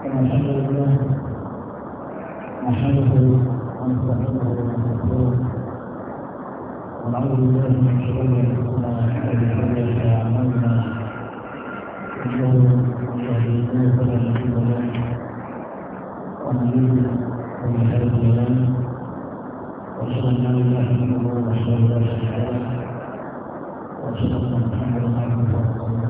الحمد لله نحمده ونستعينه ونستغفره ونعوذ بالله من شرور انفسنا وسيئات اعمالنا انه من يهده الله فلا مضل له ومن يضلل فلا هادي له واشهد ان لا اله الا الله وحده لا شريك له واشهد ان محمدا عبده ورسوله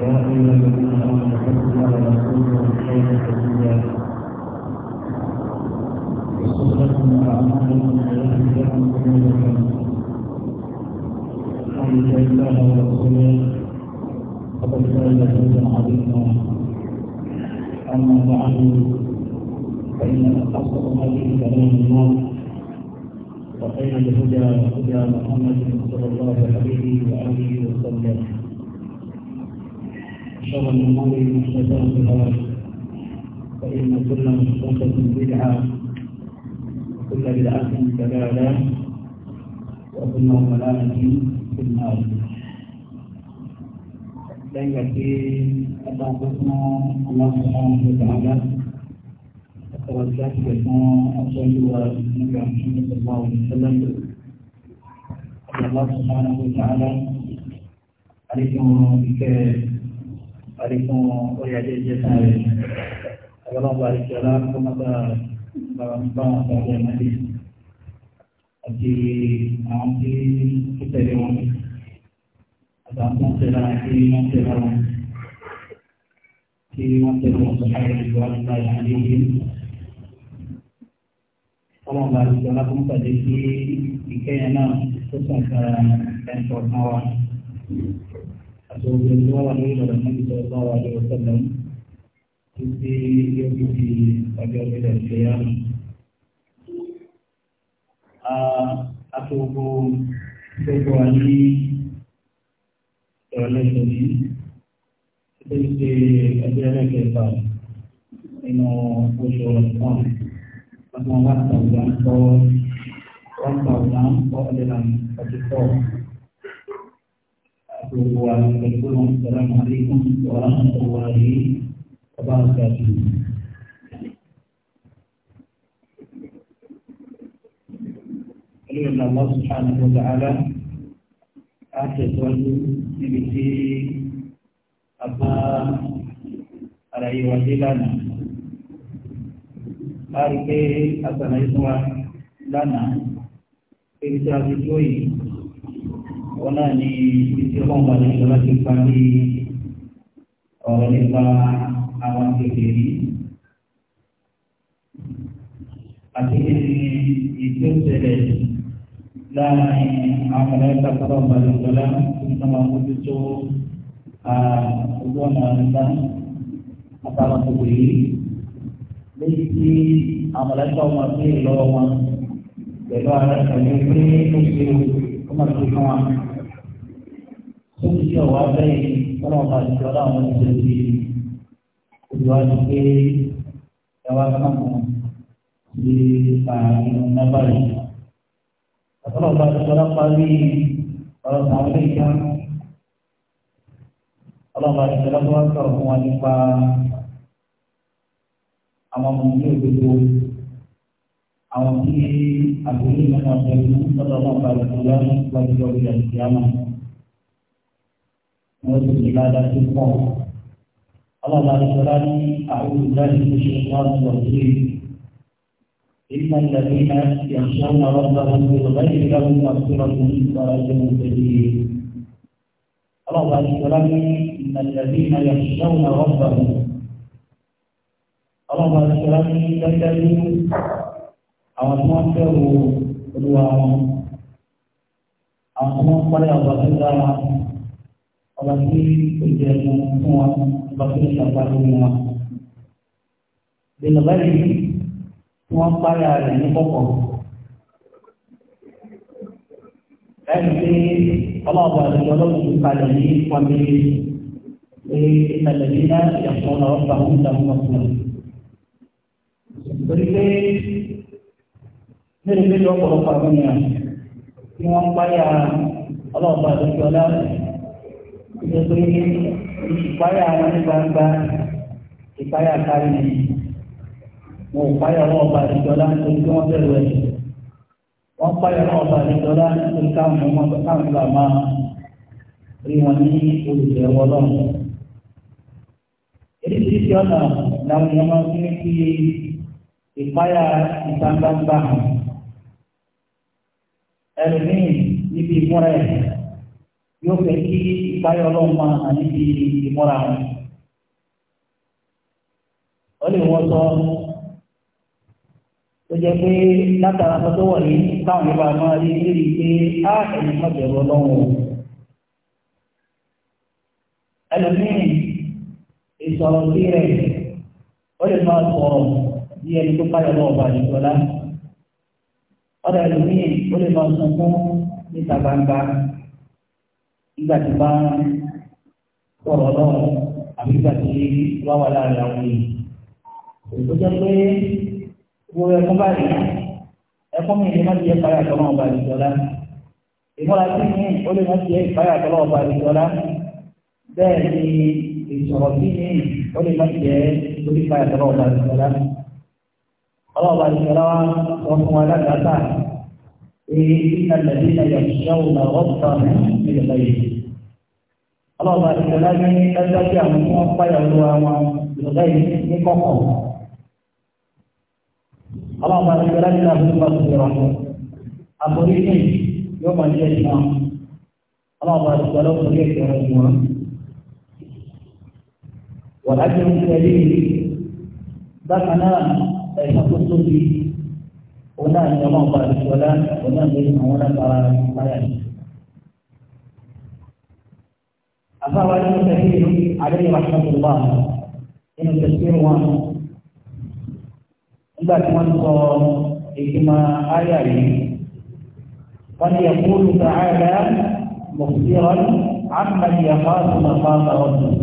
يا أيها الذين آمنوا اتقوا الله ورسوله خيرا سبيلا يصلح لكم أعمالكم ويغفر الله ورسوله فقد فاز فوزا أما بعد فإن أصدق هذه كلام الله وخير الهدى هدى محمد صلى الله عليه وآله وسلم شر الأمور محدثاتها فإن كل محدثة بدعة وكل بدعة دلاله وكل ضلالة في النار لأن في أتعرفنا الله سبحانه وتعالى وتوجهت بما أرسل النبي محمد صلى الله عليه وسلم الله سبحانه وتعالى عليكم بك àríkún orí ajé jẹ́ fún rẹ̀ ọlọ́pàá àríkí ọlá tó mọ́tà bá wọn sọ ọdún ẹ̀mọ́dé àti àwọn tí ó tẹ̀lé wọn àtàwọn tó ń tẹ̀lé àwọn tí wọ́n tẹ̀lé wọn tí wọ́n tẹ̀lé wọn sọ fún rẹ̀ ìwà nípa ìhàlẹ́ yìí ọlọ́pàá àríkí ọlá tó mọ́tà dé sí ìkẹyẹ náà tó sọ̀tà ẹ̀ńtọ̀ náà wà àti ogun tí wọ́n wà ní ìlànà níbi tó bá di ọjọ́ ìbílẹ̀ sí yára. Àti ogun tó bọ̀ wá ní ìrọ̀lẹ́ ìtòjú títí di ọjọ́ ẹlẹ́kẹ̀ẹ́fà nínú oṣù ọ̀sán. Wọ́n ti wọ́n wá tàwọn ìgbà ń kọ́ أتوب وأستغفره السلام عليكم ورحمة الله وبركاته Ẹlẹ́yìn Allah subhanahu wa ta'ala á tẹ̀síwájú níbi tí a bá ara yìí wá dé lánàá. Láàrín pé a sàlàyé wọn náà ní ibi tí wọn bá lẹ́yìn lọ́wọ́ ti parí ọ̀rọ̀ nípa àwọn kékeré àti ìdí òṣèlè láàrin àwọn ẹ̀ka tó bá lẹ́yìn lọ́wọ́ tó máa mójú tó ojú ọ̀nà àrídá àtàwọn kékeré lẹ́yìn tí àwọn ẹ̀ka wọn bí lọ́wọ́ wọn pẹ̀lú ara ẹ̀ka pé ó ṣe ó fún wa tó ti ṣe ọ̀wá bẹ́ẹ̀ ni wọ́n náà bá ti ṣe ọlá àwọn ìṣẹ̀lẹ̀ ti olùwádìí pé ẹwà kàmọ́ sí ààrùn nábàlì. àtọ́lọ́ bá ti ṣe ọlá parí ọ̀rọ̀ àwọn ilé ìjà ọlọ́ba ti ṣe ọlá tó wá sọ̀rọ̀ fún wa nípa àwọn ọmọ ìlú òdodo àwọn tí àbúrò ìlú náà tẹ̀lé lọ́dọ̀ ọlọ́ba ìṣẹ̀lẹ̀ wájú ọ̀gbìn àti ìyá náà. وفي العبادة الخوف الله بعد السلام أعوذ بالله من الشيطان الرجيم إن الذين يخشون ربهم بالغيب لهم مغفرة وأجر كبير الله بعد السلام إن الذين يخشون ربهم الله بعد السلام تجد أوامره ونواه أقوم بالعبادة ọba tí ó jẹ ẹnu fún wa ọba tó ń ṣàpá lórí wa. Bẹ̀lọ̀bá yìí tí wọ́n páyà rẹ̀ ní kọ̀kọ̀. Láti pé ọlọ́ọ̀bà àdúgbò ọlọ́run ti kalẹ̀ ní pàmì pé ìtàlẹ̀ ní náà ìyàtọ̀ ọ̀rọ̀ ọ̀gbà ń dàmú ọ̀sán. Torí pé mélòó mélòó ọ̀pọ̀lọpọ̀ àwọn ènìyàn tí wọ́n páyà ọlọ́ọ̀bà àdúgbò ọlọ́run ìjọ pé ìpáyà wọn ní gbangba ìpáyà kárí ni wọn ò páyà wọn ọba àdìjọlá nítorí tí wọn bẹ̀rù ẹ wọn páyà wọn ọba àdìjọlá nítorí káwọn ọmọ káwọn ọba máa rí wọn ní olùjẹ́ wọn lọ́wọ́. Oríṣiríṣi ọ̀nà làwọn èèyàn máa ń kí ìpáyà ìta gbangba hàn. Ẹlòmíì níbi ìmúra ẹ̀ yóò fẹ́ kí ìpayọ̀ ọlọ́run máa hàn ìmúra wọn. ó lè wọ́n sọ tó jẹ́ pé látara sọ tó wọ̀ ní táwọn ìbá máa rí lérí pé á ẹ̀yìn má bẹ̀rù ọlọ́run o. ẹlòmíì ìsọ̀rọ̀ sí rẹ̀ ó lè máa sọ̀rọ̀ bí ẹni tó nígbà tí bá ń sọ̀rọ̀ lọ́wọ́ àbí nígbà tí wá wà láàrin àwọn èèyàn. Èso jẹ́ pé wo ẹ̀kọ́ báyìí ẹ̀kọ́ mi ni má ti yẹ fàyà tọ́lọ́ ọba àdìjọ́lá. Ìmúra sí mi ó lè má ti yẹ fàyà tọ́lọ́ ọba àdìjọ́lá. Bẹ́ẹ̀ ni ìsọ̀rọ̀ sí mi ó lè má ti yẹ lórí fàyà tọ́lọ́ ọba àdìjọ́lá. Ọlọ́ọ̀ba àdìjọ́lá wa sọ fún wa lágbàtà. إن الذين يخشون ربهم بالغيب ọlọ́ọ̀bá ìṣẹ̀lá ní ẹjọ́ tí àwọn tí wọ́n páyà lu àwọn ìṣẹ̀lá yìí ní kọ̀kọ̀. ọlọ́ọ̀bá ìṣẹ̀lá ní àbúrò bá ti rọ̀ àforíjì yóò máa jẹ́ ìmọ̀ ọlọ́ọ̀bá ìṣẹ̀lá kò yẹ kẹrẹ ìmọ̀. wọ́n á jẹ́ ìṣẹ̀lẹ̀ bákan náà ẹ̀sán tó tóbi òun náà ní ọlọ́ọ̀bá ìṣẹ̀lá أفهو أن كثير عليه رحمة الله إن التفسير وان إذا كمان إجماع آياته قد يقول تعالى مخبرا عمن يخاف مقام ربه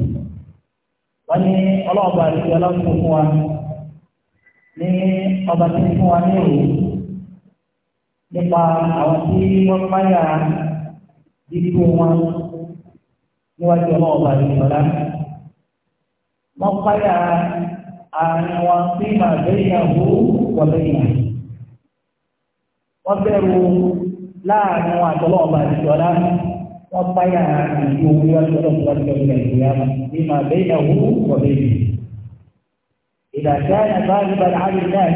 وني الله بارك لكم هو ní ọba tí fún wa ní òru nípa àwọn tí wọ́n máyà dídú wọn níwájú ọmọ ọba ìṣọ̀lá. wọ́n páyà àárín wọn sí màgbéyàwó wọlé yìí. wọ́n bẹ̀rù láàrin wọn àtọ́lọ́ ọba ìṣọ̀lá. wọ́n páyà ìlú níwájú ọlọ́run wájú ọlọ́run nàìjíríà sí màgbéyàwó wọlé yìí. ìdàgbà yàtọ̀ àgbà láàrin náà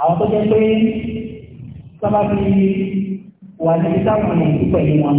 àwọn tó jẹ́ pé sábà wà ní sáwọn ènìyàn pẹ̀lú wọn.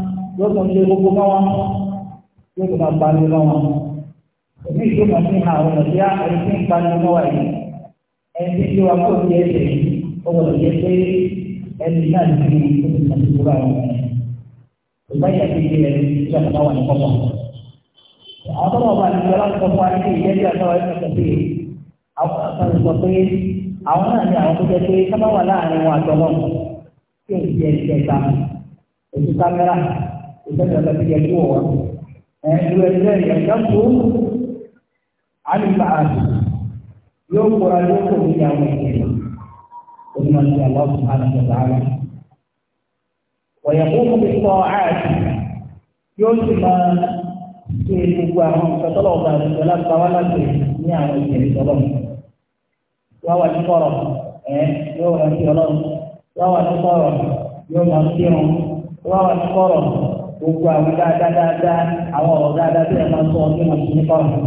yóò tún ṣe gbogbo mọ́ wọn yóò tún máa pariwo mọ́ wọn òbí ìṣó kan fi hàn àwọn ọ̀dọ́ ẹni tí ń pariwo mọ́ wa yìí ẹni tí ṣé wa kó ti ẹsẹ̀ ó gbọdọ̀ jẹ́ pé ẹni náà ti fi oṣù kan tó bá wọn ṣùgbọ́n ìyá ti di ẹni tí wọ́n ti bá wà ní kọ́kọ́. àwọn tó wọ́n bá ti sọ láti sọ fún wa ní ìyẹ́dí àtàwọn ẹ̀ka sọ pé àwọn àtàwọn sọ pé àwọn náà ní àwọn tó jẹ́ pé sábà wà láàrin wọn àtọ́lọ́ tí ò Ustaz dah tiga dua. Eh, dua dua yang kamu alim baat. Yo kurang yo tu dia mungkin. Umat Allah Subhanahu wa taala. Wa yaqumu bis ta'at. Yo cuma ṣe gbogbo àwọn ìfẹ́tọ́lọ̀ ọ̀gá àdúgbò lágbàwá láti ní àwọn ìbẹ̀rẹ̀ tọ́lọ̀. Wá wà ní kọ̀rọ̀ ẹ̀ yóò rántí ọlọ́run. Wá wà ní kọ̀rọ̀ yóò máa ń kírun. wà ní kọ̀rọ̀ gbogbo àwọn dáadáa dáadáa àwọn ọ̀rọ̀ dáadáa tó yẹ máa sọ ní wọn sí nípa ọ̀rọ̀.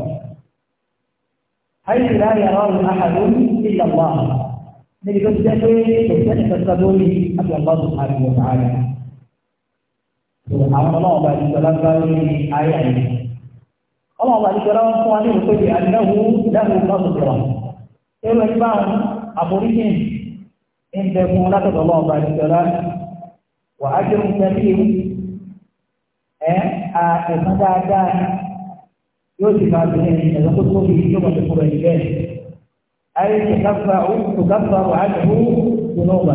àyè ìlà yàrá ọ̀rọ̀ àhàlù ìlà wà níbi tó ti jẹ́ pé kò sẹ́ni kankan lórí àtúntò àdúgbò sàárẹ̀. tó àwọn ọlọ́wọ́ bá ti sọlá bá lórí ayé àyè. ọlọ́wọ́ bá ti sọlá wọn fún wa ní ìpèsè àdáhù dáhù lọ́sọ̀tọ̀. èrò ẹni bá àforíjì ń bẹ fún látọ̀dọ̀ ọlọ́wọ́ bá ti sọlá wà á jẹun ẹ ẹ̀sán dáadáa yóò sì máa fi ẹ̀yìn ẹ̀sán tó tóbi yóò máa fi kúrò ẹ̀yìn bẹ́ẹ̀. ayé tòkàfà ó tòkàfà ó àdúgbò gbóná ọ̀gbà.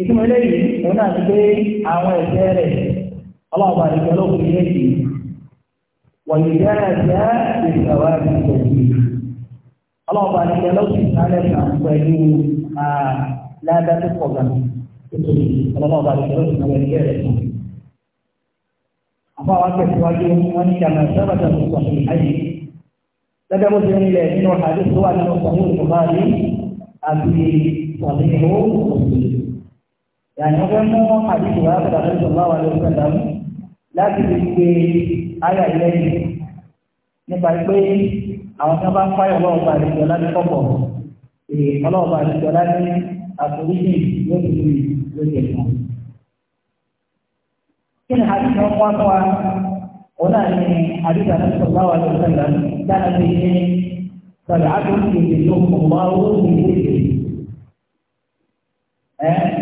ìtumọ̀ eléyìí òun náà ti gbé àwọn ẹ̀ṣẹ̀ rẹ̀ ọlọ́ọ̀bà àdìgbò olókùn ilé yìí wọ̀nyí dára já ìgbàwá àdìgbò yìí. ọlọ́ọ̀bà àdìgbò olókùn ìsàlẹ̀ kan pẹ̀lú أخوة تسواجه وأن كما ثبت في الصحيحين لدى مسلم إلى أنه حديث هو أنه صحيح البخاري أبي صحيح مسلم يعني هو أنه حديث واحد صلى الله عليه وسلم لكن في آية إليه nípa pé àwọn kan bá ń fáyọ̀ lọ́wọ́ bá àlejò ọlá ní kọ́kọ́ ọlọ́wọ́ bá àlejò ọlá ní àforíjì lóṣù lóṣù ẹ̀sán. كل حديث وقوة هنا حديث النبي صلى الله عليه وسلم كان فيه سبعة يجزيهم الله من ذكره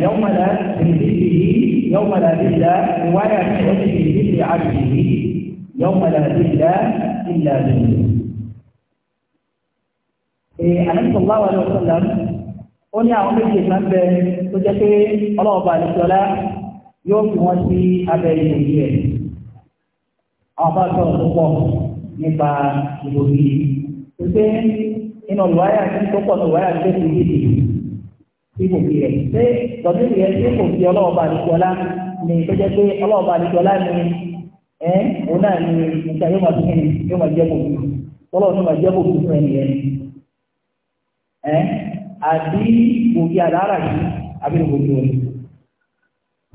يوم لا من ذكره يوم لا ذل رواية من ذكر ذكر عبده يوم لا ذل إلا ذله النبي صلى الله عليه وسلم ó ní àwọn méjì máa ń bẹ tó jẹ́ pé ọlọ́ọ̀bà àlejò ọlá yóò fi wọ́n sí abẹ́ ilé yìí àwọn bá sọ̀rọ̀ tó nípa ìròyìn yìí. tó pé nínú olùwáyà tó pọ̀ tó wáyà tó fi yìí tí kò fi ṣé tí kò fi ọlọ́ọ̀bà ni tó jẹ́ pé ọlọ́ọ̀bà àdìjọ́lá ni òun náà ni nǹkan yóò máa tún yóò máa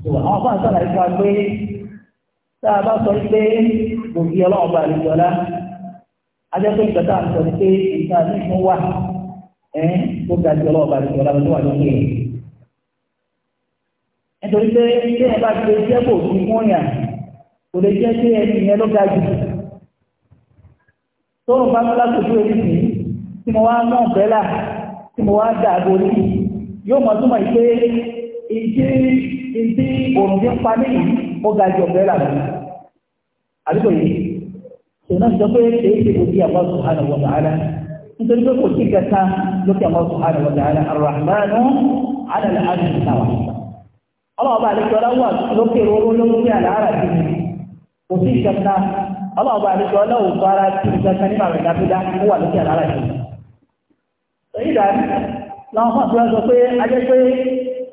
àwọn kan sọ̀rọ̀ ìfọ̀ pé tá a bá sọ pé kò fi ọlọ́run bá àlejò ọlá ajẹ́pẹ́ ìgbà tá a sọ pé ìgbà nínú wà ẹ̀ tó ga ju ọlọ́run bá àlejò ọlá tó wà lókè yìí. nítorí pé ilé ẹ̀ bá ti jẹ́ kò fi fún yàn kò lè jẹ́ pé ẹni yẹn ló ga jù. tó ń bá mọ́lá kojú ẹni sí tí mo wá mọ̀ bẹ́là tí mo wá dà borí yóò mọ̀ túmọ̀ ìpè ìdí ìdí òrùn tí ń pa níyìí ó ga jù ọ̀bẹ rà lọ àdúgbò yìí tòun náà sọ pé èyí ṣe kò sí àwọn subhanahu wa ta'ala nítorí pé kò sí kẹta lókè àwọn subhanahu wa ta'ala arrahmanu ala al-arshi istawa ọlọ́ọ̀bá àlejò ọlọ́wà lókè róró lókè àlàárà sí wà lókè àlàárà sí ni. èyí dàbí làwọn fún àtúrà sọ pé ajẹ́ pé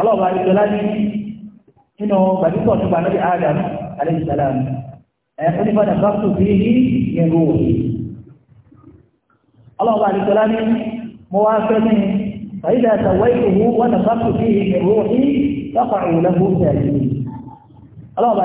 ọlọ́ọ̀bá ìjọlá ní nínú gbàdúgbò nípa lórí adam aleyhisselam ẹ̀fún nípa dàgbà tó bí i yẹn rò wò ọlọ́ọ̀bá ìjọlá ní mo wá fẹ́ ní fàyídà àtàwọ̀ ìhòhò wọn dàgbà tó bí i yẹn rò wò ní lọ́pàá òun lẹ́gbọ́ tẹ̀lé ọlọ́ọ̀bá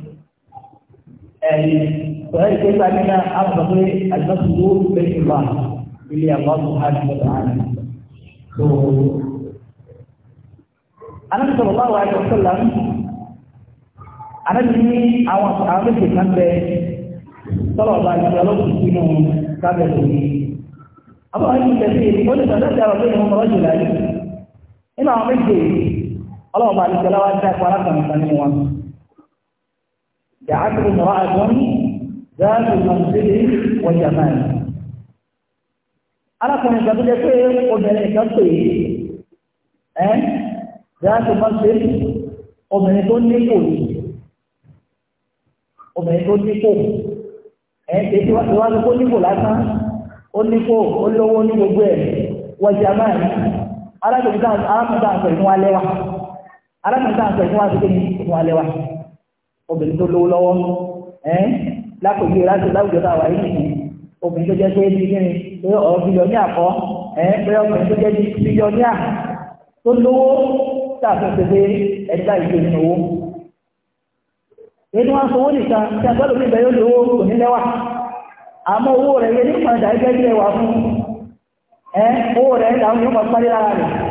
ẹ̀yìn sọ̀rọ̀ ìṣe ìgbà nínú àbùkù pé àjọṣìlú bẹ́ẹ̀ ìwà ilé àwọn ọ̀hún àti àná. So, anábì sọ̀rọ̀ báwo ayọ̀ sọ̀lá ń anábì ní àwọn àwọn méjì kan bẹ sọ̀rọ̀ ọba àti ọlọ́kùnrin sínú sábẹ̀ lórí. Àbọ̀ àwọn ìṣẹ̀lẹ̀ sí i, ó lè sọ̀rọ̀ láti àrọ̀ lórí ọmọ ọjọ́ ìlànà. Nínú àwọn méjì, ọlọ́wọ́ bá àti ọlọ́wọ́ تعبد امرأة ذات منزل وجمال alákùnrin kan tó jẹ́ pé obìnrin kan pè é ẹ́ dáàtò máa ṣe obìnrin tó nípò yìí obìnrin tó nípò ẹ́ tètè wá ló kó nípò lásán ó nípò ó lówó ní gbogbo ẹ̀ wọ́jà máa ní alákùnrin tá à ń sọ wa lẹ́wà alákùnrin tá à ń sọ ìfún wa obìnrin tó lówó lọ́wọ́ ẹ́ lápòjú láti láwùjọ tá a wà yìí nìyí obìnrin tó jẹ́ pé bí kí ni pé ọ̀rọ̀ bílíọ̀ ní àkọ́ ẹ́ pé ọkùnrin tó jẹ́ bílíọ̀ ní à tó lówó tààfin pépé ẹ̀dá ìjọ nínú owó. Èdè sanwó nìkan tí a gbọ́dọ̀ níbẹ̀ yóò lówó kò ní lẹ́wà. Àmọ́ owó rẹ̀ yẹ nípa ìdájẹ́ bí ẹwà fún ẹ́ owó rẹ̀ yóò máa parí lára rẹ̀.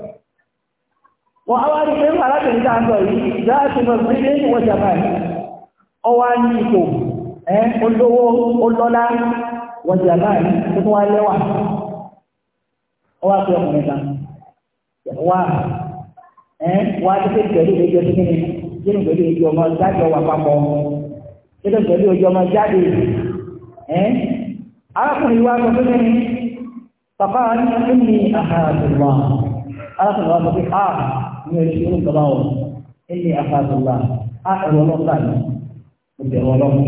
wọ́n á wá rí pé arábìnrin tá a sọ yìí dáàtì lọ sí ilé ìwọ̀n japan ọ wá ní ipò ẹ olówó olọ́lá wọ̀n japan tó tún wá lẹ́wà ọ wá pé ọkùnrin kan wá ẹ wá títí pẹ̀lú ìgbẹ́jọ́ sí kíni kíni pẹ̀lú ìgbẹ́jọ́ ọmọ jáde ọwà papọ̀ kíni pẹ̀lú ìgbẹ́jọ́ ọmọ jáde ẹ arákùnrin wa sọ fún mi pàpá ní ẹni àhàbùwà arákùnrin wa sọ fún ní oṣù yóò gbọ́dọ̀ wọn ẹni àfàdùnlá á ẹ̀rọ ọlọ́gbà ní ìbẹ̀rù ọlọ́run.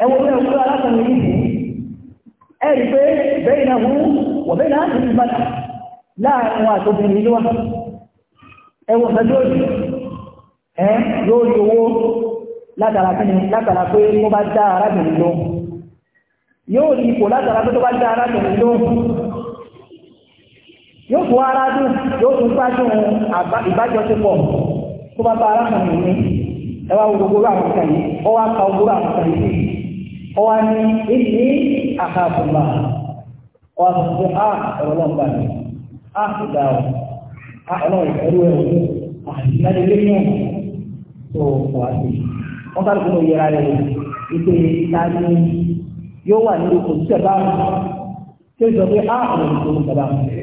ẹ wo bẹ́ẹ̀ wúlò alákànnì yìí ní ẹ rí pé bẹ́ẹ̀ náà wú wọ́n bẹ́ẹ̀ náà ti ń bàtà láàrin wọn àtòkùn mi ló wá. ẹ wo fẹ́ lóòjì ẹ yóò owó látara kí ni látara pé wọ́n bá dá arábìnrin lóhùn yóò rí ipò látara pé tó bá dá arábìnrin lóhùn yóò tún ara dùn yóò tún gbádùn ìbájọsípọ̀ tó bá bá arákùnrin mi ẹ wá gbogbo àwọn nǹkan yìí ọ wá ka gbogbo àwọn nǹkan yìí ọ wá ní èyí àkàbùmá ọ wá sọ pé a ọ̀rọ̀ náà gbà mí a kò dá o a ọlọ́run ìfẹ́rú ẹ̀ wò ó àti lẹ́yìn lẹ́yìn tó wà sí wọn bá lóko yẹra rẹ ìpè ta yóò wà nínú kò sí bá wọn tí ó sọ pé a ọ̀rọ̀ ìfẹ́rú ẹ̀ bá wọn.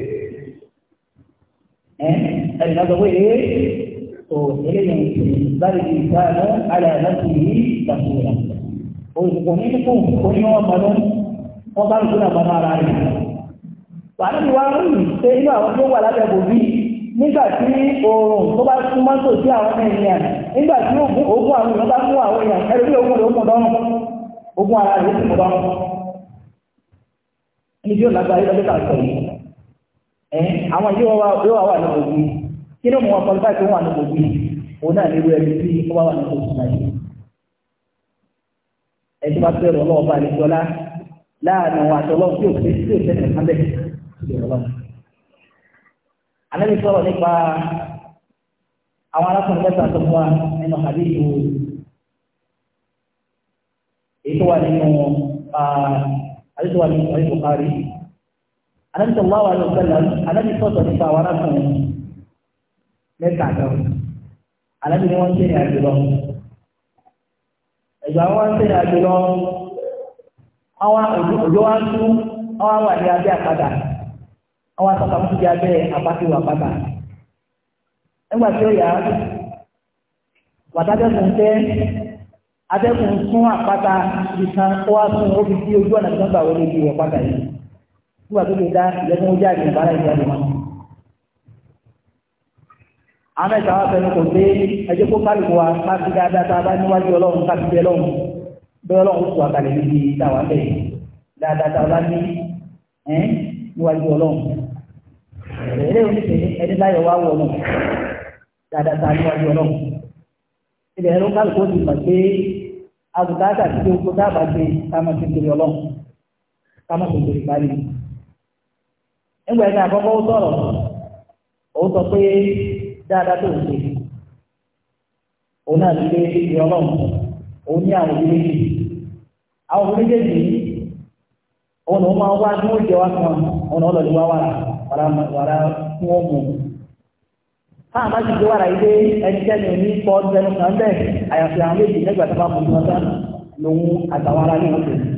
ẹ̀yìn ọjọ́ pé ee tó eléyìí láti di ìsáàlú aláàlásì yìí ìtàkùn rẹ̀ òṣùpọ̀ si kíkún onímọ̀ ọ̀pọ̀lọ́ wọn bá nígbà tí oòrùn tó bá àwọn nígbà tí ogun àwọn èèyàn bá àwọn èèyàn ẹ̀rọ bí ogun rẹ̀ ó ogun ara rẹ̀ ó lágbára yóò lọ́jọ́ ẹ̀ àwọn yóò wá yóò wá ní gbogbo kí ló mú wọn kọlifá tó wà ní gbogbo òun náà nílò ẹni tí ó wá wà ní gbogbo náà yìí ẹ̀ tó bá fẹ́ rọ̀ lọ́wọ́ bá a lè jọlá láàánú àtọ́lọ́ tí ò fẹ́ tí ò fẹ́ tẹ̀ká bẹ́ẹ̀ Ànábì sọ̀rọ̀ nípa àwọn arákùnrin mẹ́ta tó fún wa nínú àdéhùn èyí tó wà nínú àdéhùn àdéhùn kárí. Ànábì sallallahu alaihi wasallam Ànábì sọ̀tọ̀ nípa àwọn arákùnrin mẹ́ta kan Ànábì ni wọ́n ń tẹ̀lé àjò lọ ìgbà wọn ń tẹ̀lé àjò lọ àwọn òjò wa ń tú àwọn wà ní abẹ́ àpáta àwọn asọ́ka ń fúdi abẹ́ àpátiwò àpáta nígbà tí ó yà á wàtàkẹ́kùn tẹ́ atẹ́kùn fún àpáta ìkan ó wá fún ó fi ojú ọ̀nà tí wọ́n gbà wọlé ibi ìwọ̀páta yìí nígbà tó lè dá ìyẹ́fún ojú àgbẹ̀ ìbára ìjáde wọn. àmẹ́ ìtawà fẹnu kò dé ẹjẹ́ kó kálukú wa ká sí dáadáa tá a bá níwájú ọlọ́run ká sí bẹ́ẹ̀ lọ́hùn bẹ́ẹ̀ lọ́hùn kó àkàlẹ̀ níbi ìdáwà bẹ́ẹ̀ dáadáa tá a bá ní níwájú ọlọ́run ẹ̀rẹ́ oníṣẹ́ ẹni láyọ̀ wá wọ̀ náà dáadáa tá a níwájú ọlọ́run ilẹ̀ ẹ̀rọ kálukú ti mọ̀ pé àbùkátà ti dé oko dábàá gbé ká má ti gbèrè ọlọ́run ká má ti gbèrè nígbà yẹn àkọ́kọ́ ó sọ̀rọ̀ ó sọ pé dáadáa tó ń ṣe òun náà ti gbé ìrìn ọlọ́run òun ní àwọn òbí méjì àwọn òbí méjèèjì òun ló máa wá tí wọ́n wá òun náà lọ́dún wá wà wàrà wàrà òní kan bẹ́ẹ̀ àyàfi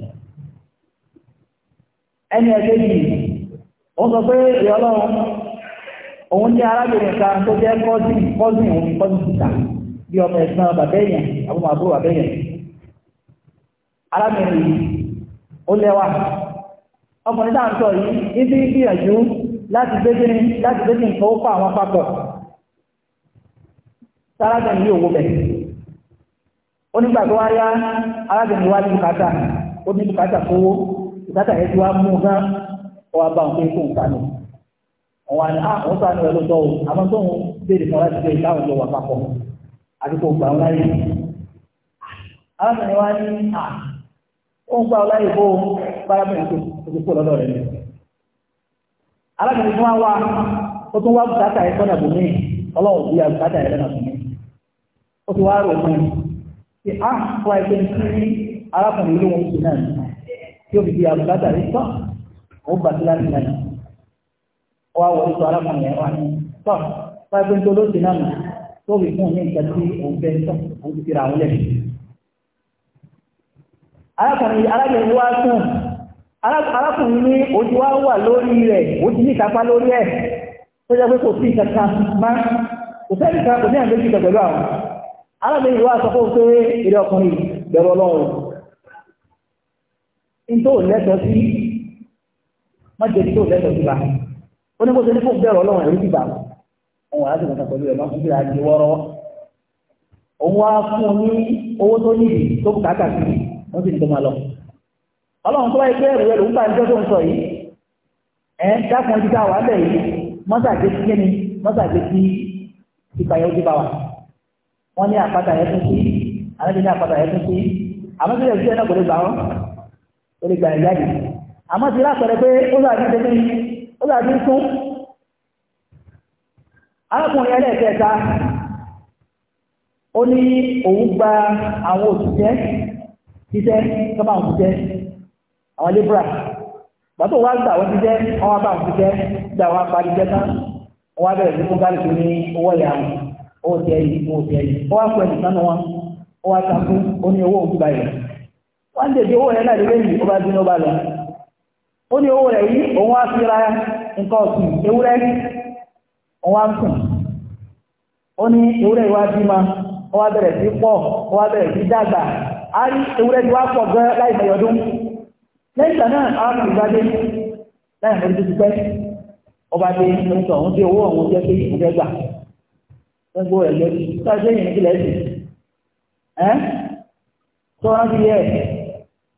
ẹni ẹgbẹ́ yìí ó sọ pé ìyọlọ́run òun jẹ́ arábìnrin kan tó jẹ́ kọ́sìn kọ́sìn òun kọ́sìn síta bí ọmọ ẹ̀sán bàbá èèyàn àbúrò àbúrò bàbá èèyàn arábìnrin yìí ó lẹ́wà ọkùnrin náà ń sọ yìí ibi gbìyànjú láti gbégbé láti gbégbé nǹkan ó kọ àwọn yìí bẹ̀ ó nígbà tó wá yá arábìnrin wá ní dátà yẹn ti wá mú bá ah, àmọ́ tó béèrè fún papọ̀ àti gbà wọn láyé wa ní à ah, ó ń gbà wọn láyé bó bárábìnrin tó ti kó lọ́dọ̀ rẹ̀ arábìnrin fún wa ó tún wá bùkátà yẹn sọ́nà bùnmí ọlọ́run bí àbùkátà yẹn bùnmí ó ti wá rò fún mi á ah, fún tí ó fi di àbùkátà rí tọ́ ó gbà sí láti náà wá wọlé tó arákùnrin yẹn wá ní tọ́ pàápàá tó ló ti náà nù tó fi fún ní nǹkan tí fẹ́ tọ́ ti fi ra àwọn lẹ́yìn. arákùnrin wá sùn arákùnrin ní ojú wa wà lórí rẹ̀ ti ní lórí ẹ̀ tó jẹ́ pé kò sí kò kan kò ní pẹ̀lú àwọn tó lẹ́tọ̀ọ́ sí mọ́jẹ̀ tó lẹ́tọ̀ọ́ sí bá oníkóso ní fún bẹ́ẹ̀rọ ọlọ́run ẹ̀rú dìbà òun àti ìgbà pẹ̀lú ẹ̀ máa fi bíra di wọ́rọ́ òun wá fún un ní owó tó níbi tó bùkátà sí wọ́n sì ní tó máa lọ ọlọ́run tó báyìí pé ẹ̀rù ẹ̀rù ń bá ẹjọ́ tó ń sọ yìí ẹ̀ dákun ti dá wà á bẹ̀ yìí mọ́sàgbé ti kíni mọ́sàgbé ti ìpàyẹ̀ ojú bá wa wọ́n ní àpáta yẹn tún sí àlejò ní àpáta yẹn tún sí àmọ́ sílẹ̀ sí ẹ̀ náà kò lè gbà wọ́n ó lè gbà ẹ̀ jáde àmọ́ ti lápẹ̀rẹ̀ pé ó láti ṣe ní sún arákùnrin ẹlẹ́ẹ̀kẹta ó ní òun gba àwọn òṣìṣẹ́ ṣiṣẹ́ sọ́bà òṣìṣẹ́ àwọn libra pàtó wá gbà wọ́n ṣiṣẹ́ wọ́n bá gbà wọ́n wọ́n bẹ̀rẹ̀ sí tó ní owó ó wá pẹ̀lú wọn ó wá takú ó ní owó wọ́n tẹ̀sí owó rẹ̀ náà lé lẹ́yìn ó bá dín bá lọ ó ní owó rẹ̀ òun á fi ra nǹkan ọ̀sìn ewúrẹ́ òun á sùn ó ní ewúrẹ́ yìí bí ma ó wá bẹ̀rẹ̀ sí pọ̀ ó wá bẹ̀rẹ̀ sí dàgbà á rí ewúrẹ́ wá pọ̀ gan láì lẹ́yìn ìgbà náà á fi ìgbà dé láì ti pẹ́ ó dé oúnjẹ òun dé owó òun jẹ́ pé òun gbà gbogbo rẹ̀ lórí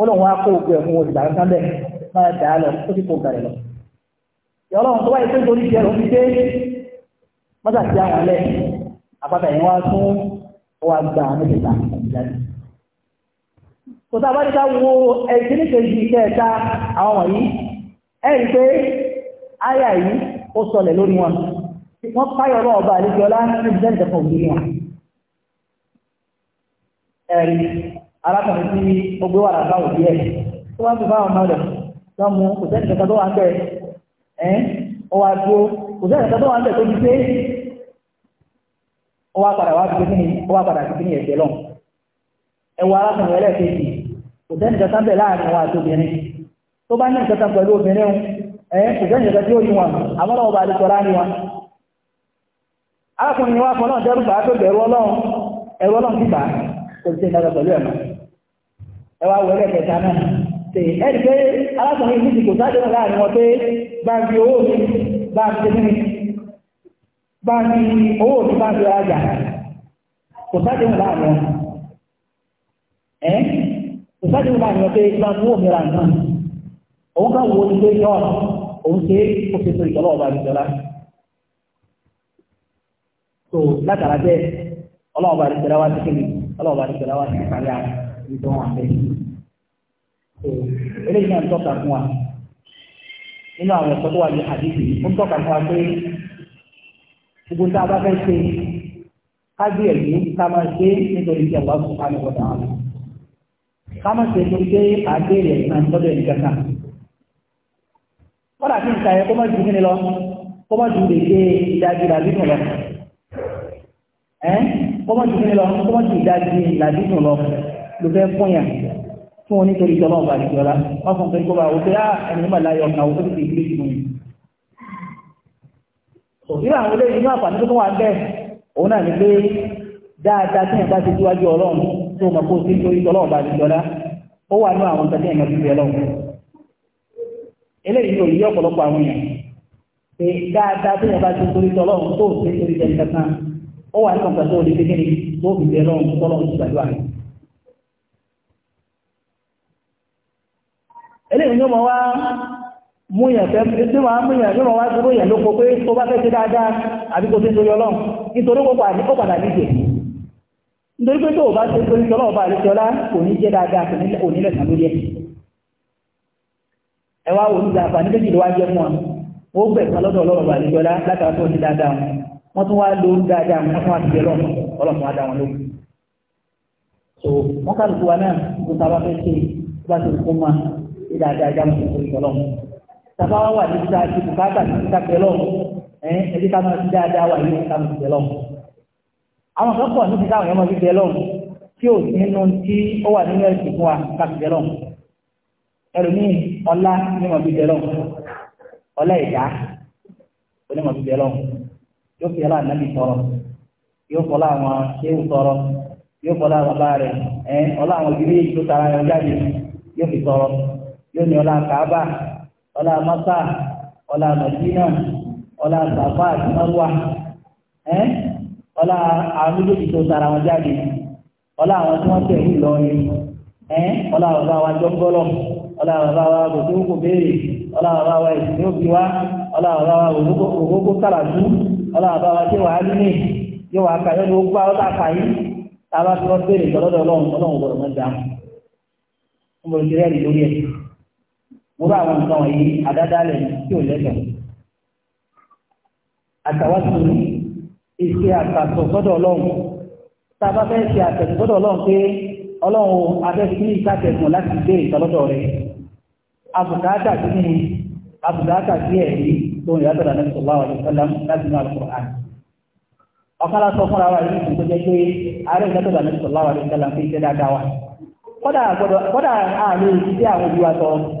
ọlọ́run á kó ogun wọn ìgbà nǹkan bẹ́ẹ̀ máa dà á lọ tó fi kó gbàrẹ̀ lọ. ìyọ́lọ́run tó wáyé pé torí jẹ́ òun dé mọ́tà sí àwọn alẹ́ àpáta yẹn wá tún wá gba mẹ́tẹ̀ẹ̀ta ìjáde. kò tá ní ká wo ẹ̀sìn níkejì kẹta àwọn wọ̀nyí ẹ̀ rí pé áyà yìí ó sọlẹ̀ lórí wọn wọ́n páyọ̀ ọlọ́run ọba àlejò ọlá ní ìjẹ́ ìjẹ́fọ̀ arákùnrin tí ó gbé wàrà bá òbí ẹ̀ tó wá fi fáwọn ọmọ rẹ̀ tó mú kò sẹ́ni kankan tó wà ń bẹ̀ ẹ́ ó wá dúró kò sẹ́ni kankan tó wà ń bẹ̀ tó fi pé ó wá padà wá fi kíni ó wá padà fi kíni ẹ̀jẹ̀ lọ ẹ wọ arákùnrin ẹlẹ́ẹ̀kejì kò sẹ́ni kankan bẹ̀ láàrin wọn àti obìnrin tó bá ní kankan pẹ̀lú obìnrin ẹ kò sẹ́ni kankan tí ó yí wọn àmọ́ náà wọ́n bá a lè sọ láàrin wọn arákùnrin wa kan náà dẹ́rù bàá tó bẹ̀rù ọlọ́run ẹ̀rù ọlọ́run ẹ wá wọlé ẹ̀kẹta náà tè ẹni pé alákùnrin ní ìdìbò sáré wọn láàrin wọn pé owó mi bá ń fi owó mi bá ọjà kò sáré wọn láàrin wọn kò owó mi nǹkan òun òun ṣe kó ọba ibi tó wà bẹ́ẹ̀. eléyìí náà ń tọ́ka fún wa nínú àwọn ẹ̀kọ́ tó wà ní àdìsí ó ń tọ́ka fún wa pé gbogbo tá a bá fẹ́ ṣe ká gbé ẹ̀mí ká máa ṣe nítorí tí àwọn àkókò àwọn ọ̀dà wọn. ká máa ṣe torí pé àgbèrè náà ń tọ́jú ẹ̀mí kankan. wọ́n dàbí nǹkan ẹ̀ kó má ju kí ni lọ kó má ju lè dé ìdajì làbínú lọ. ẹ́ kó má ju kí ni lọ kó má ju ìdajì làbínú lọ ló fẹ́ fún yàn fún wọn nítorí ìjọba ọba àdìjọba wọn fún pẹ̀lú kọba òfin á ẹni mà láyọ̀ ọ̀nà òfin ti ìdílé ti mú mi. òfin àwọn olóyìn inú àǹfààní tó tún wà bẹ́ẹ̀ òun náà ní pé dáadáa tí yẹn bá ti síwájú ọlọ́run tó mọ̀ kó o ti nítorí ìjọba ọba àdìjọba ó wà ní àwọn tàbí ẹ̀yàn fífi ọlọ́run eléyìí ló yí ọ̀pọ̀lọpọ̀ àwọn èèyàn pé dáadáa tó yẹn bá ti torí tọlọ́run tó ti torí tẹ̀lé kankan ó wà ní àwọn tàbí olùdíje ní tó fi bẹ̀rẹ̀ ọ̀hún eléyìí ni ó mọ̀ wá múyàn fẹ́ tí wọ́n á múyàn tí wọ́n wá dúró yàn lóko pé tó bá fẹ́ ṣe dáadáa àbí kò sí nítorí ọlọ́run nítorí kópa ó padà níjẹ̀ nítorí pé tó bá ṣe torí tọ́lọ́ ọba àti ọlá kò ní jẹ́ dáadáa kò ní lẹ̀sán lórí ẹ̀ ẹ wá wò ní ìjàpá ní méjì ló wá jẹ́ fún ọ ó gbẹ̀ kan lọ́dọ̀ ọlọ́run ọba àti ọlá látara tó ní dáadáa wọ́n tún wá lo dáadáa wọ́n tún wá ti jẹ́ lọ́run so wọ́n kálukú wa náà kó tá dáadáa já mọ̀ nítorí ọlọ́run tàbá wà wà níbi tá a ti bùkátà níbi tá a bẹ̀ lọ́run ẹ̀ ẹbí ká máa ti dáadáa wà níbi tá a ti bẹ̀ àwọn kan pọ̀ níbi táwọn yẹn máa fi bẹ̀ lọ́run tí ò nínú tí ó wà nínú ẹ̀sìn fún wa ká fi bẹ̀ ẹlòmíì ọlá ni mo fi bẹ̀ lọ́run ọlá ìdá onímọ̀ fi bẹ̀ lọ́run yóò fi ọlá ànábì tọrọ yóò fọlá àwọn ṣéwù tọrọ yóò fọlá bàbá rẹ̀ ẹ̀ ọlá àwọn ìdílé tó tara ẹ̀ jáde yóò fi tọrọ yóò ní ọlá kaaba ọlá masa ọlá madina ọlá safa àti marwa ẹ ọlá àwọn méjèèjì tó tara wọn jáde ọlá àwọn tí wọn tẹ ní Ìlọrin ẹ ọlá bàbá wa jọgbọlọ ọlá bàbá wa gòtòkò béèrè ọlá bàbá wa ìsìn òbí wa ọlá bàbá wa ọlá bàbá wa tí wàá ní yóò ní wúrọ̀ àwọn nǹkan wọ̀nyí àdádálẹ̀ tí ò lẹ́tọ̀. àtàwátì ìṣe àtàtọ̀ sọ́dọ̀ ọlọ́run tá a bá fẹ́ ṣe àtẹ̀tọ̀ sọ́dọ̀ ọlọ́run pé ọlọ́run afẹ́fún ní ìsàtẹ̀gùn láti gbé ìtọ́lọ́dọ̀ rẹ̀ abùkátà sí ni abùkátà sí ẹ̀rí tó ń yàtọ̀ dànù sọ̀rọ̀ àwọn ìṣẹ̀lẹ̀ láti inú àlùkò àná sọ fúnra wa yìí tó jẹ́ pé ààrẹ ìjọba ní àwọn àlè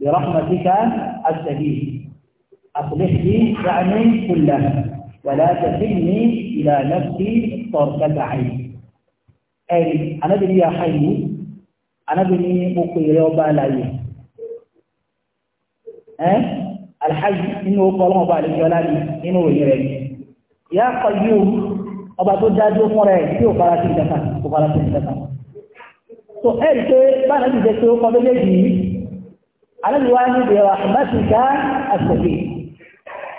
برحمتك السبيل أصلح لي شأني كله ولا تكلني إلى نفسي طرفة عين أي أنا بني يا حي أنا بني مقير وبالاي أه؟ الحي إنه قلوه بالي ولاني إنه يريد يا قيوم ọba tó dájú fún rẹ̀ tí ò fara sí ìjọba kò fara sí ìjọba. so ẹ̀rí pé báyìí ti jẹ́ pé ó kọ́ méjèèjì yìí alábìwá ní ìdè rahmatika àṣẹ̀fẹ̀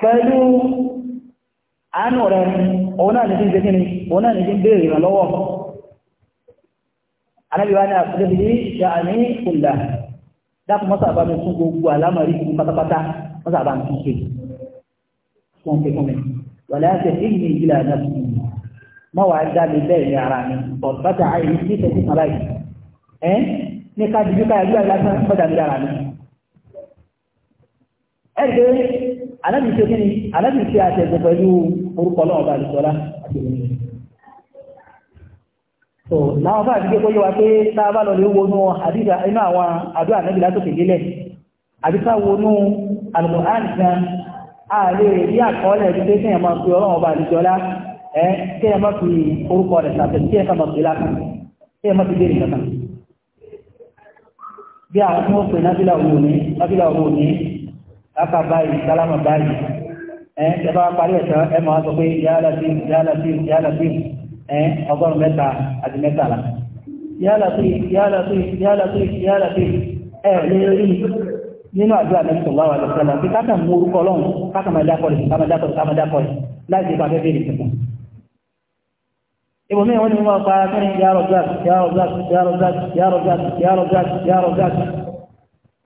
pẹ̀lú àánú rẹ̀ òun náà nìdí ìdíkíní òun náà nìdí béèrè ìrànlọ́wọ́ alábìwá ní àṣẹ̀fẹ̀ ṣe àní ìkùnlà dákùn mọ́sà bá mi fún gbogbo àlámọ̀rí fún pátápátá mọ́sà bá mi fún ṣe fún ṣe fún mi wàlẹ́ àṣẹ ìyìn ìjìlá náà fún mi mọ́ wàá dá mi bẹ́ẹ̀ ní ara mi ọ̀bátà àìní ní ìṣẹ́jú kan báyìí ẹ́ ní ká dìbí ká ẹgbẹ́ àgbà sọ́dà mi dára mi ẹ̀rẹ́ alábìsẹ́ kí ni alábìsẹ́ àtẹ̀gbẹ̀ pẹ̀lú orúkọ náà bá àdìsọ́lá àti òní so láwọn bá àdìgbé kóyé wa pé tá a bá lọ lè wọnú àdìgbà inú àwọn àdó ànábì látòkè délẹ̀ àbí ká wọnú al kan a lè rí àkọọ́lẹ̀ ẹ̀dí pé kéèyàn máa fi ọlọ́run bá àdìsọ́lá ẹ kéèyàn máa fi orúkọ rẹ̀ sàtẹ̀ kéèyàn ká máa fi lákàn kéèyàn máa fi dé nìkan bí àwọn tí wọ́n pè nábìlà òun òní nábìlà òun òní káka báyìí sálámà báyìí ẹ ẹ bá parí ẹ̀sán ẹ máa sọ pé yálà sí yálà sí yálà sí ẹ ọgọ́rùn mẹ́ta àti mẹ́tàlá yálà sí yálà sí yálà sí yálà sí ẹ lè rí nínú àdúrà lẹ́yìn tó wáwà lọ́sẹ̀ lọ pé káka mú orúkọ ọlọ́run káka máa dákọ̀ rẹ̀ káka máa dákọ̀ rẹ̀ káka máa dákọ̀ rẹ̀ láì ṣe pàfẹ́ bèrè tuntun. ibo mi wọn ni wọn pa kẹrin yàrá ọjọ́ àti yàrá ọjọ́ àti yàrá ọjọ́ àti yàrá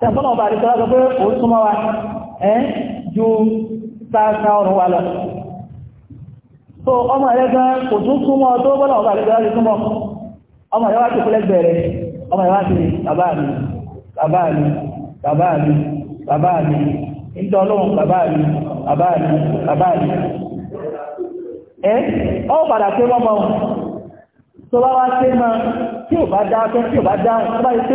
tẹ̀sán ọba àríkọ́ pé ó súnmọ́ wa ẹ́ ju sáàsá lọ so ọmọ gan kò tún súnmọ́ tó bọ́lá ọba àríkọ́ lọ́sọ súnmọ́ ọmọ rẹ̀ wá ti kúlẹ̀ bẹ̀rẹ̀ ọmọ rẹ̀ wá ti bàbá mi bàbá mi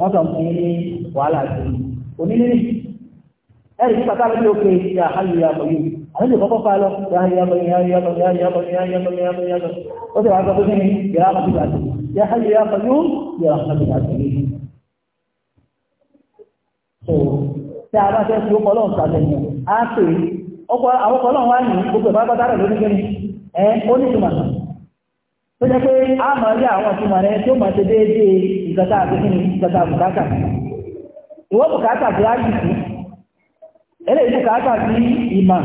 wọ́n sọ fún yín ní wàhálà sí i onílé ní ẹ̀rí ní pàtàkì ló pe ya ayé yàtọ̀ yìí àwọn ènìyàn kọ́kọ́ fa lọ ya ayé yàtọ̀ ya ayé yàtọ̀ ya ayé yàtọ̀ ya ayé yàtọ̀ ya ayé yàtọ̀ ó sì wá sọ pé ní yàrá àmàlù yàtọ̀ ya ayé yàtọ̀ yóò yàrá àmàlù yàtọ̀ yìí. so tí a bá fẹ́ fi ó kọ́lọ́ sàtẹ̀yìn á pè é àwọn kọ́lọ́ wa ní gbogbo ìbá tó jẹ́ pé a máa rí àwọn ìtumọ̀ rẹ tó máa ṣe déédéé ìgbàta àgbékíni ìgbàta bùkátà ìwọ bùkátà tó sí eléyìí bùkátà sí ìmọ̀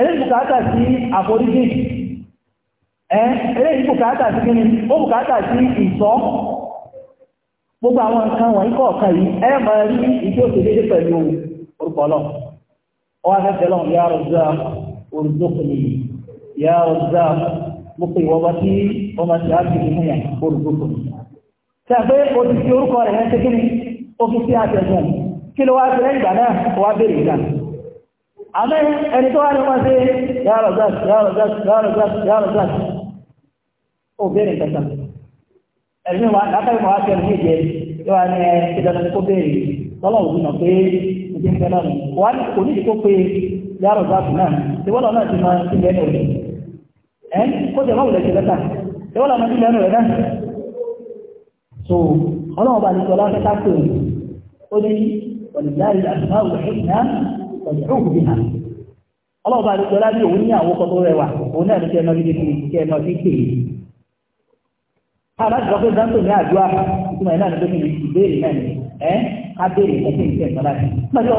eléyìí bùkátà sí àforíjì eléyìí bùkátà sí kíni ó bùkátà sí ìsọ́ gbogbo àwọn nǹkan wọ̀nyí kọ̀ọ̀kan yìí ẹ máa rí ìjó tó déédéé pẹ̀lú orúkọ lọ ọwọ́ mo pe ìwọ ọba tí ọmọ ti á ti fún yàn olùgbòkò tí a pé o ti fi orúkọ rẹ̀ ṣe kí ni o fi sí àtẹ̀sùn kí ló wá sí lẹ́yìn ìgbà náà o wá béèrè ìgbà àmẹ́ ẹni tó wá ní wọ́n ṣe yàrá gas yàrá gas yàrá gas yàrá gas ó béèrè kẹta ẹ̀mí wa látàrí mọ̀ wá sí ẹ̀mí ìjẹ yóò wá ní ìdáná tó béèrè lọ́lọ́ òun nà pé ìdí ń fẹ́ náà wọ́n á ní kò ní ìdí tó pé yàrá gas náà ìwọ́n náà ti máa ti ẹ́ kó tẹ̀ máa lẹ́sẹ̀ lẹ́ta ẹ wọ́n làmọ́ nílẹ̀ rẹ̀ náà so ọlọ́run bá nìkan láti ká pé ó ní ọ̀nìyàrí àtúnáwò ìhìnà ọ̀dẹ̀hùn bí i ọlọ́run bá nìkan láti òun ní àwọn kọ́tọ́ rẹwà òun náà ní kẹ́ ẹ̀nà bíbí kẹ́ ẹ̀nà bí pè é aláṣọ pé dáńtò ní àdúrà ìtumọ̀ ẹ̀ náà ní pé kí ìbéèrè náà ní ẹ́ ká béèrè kẹ́kẹ́ ìfẹ́ ìtọ́lá nígbà tí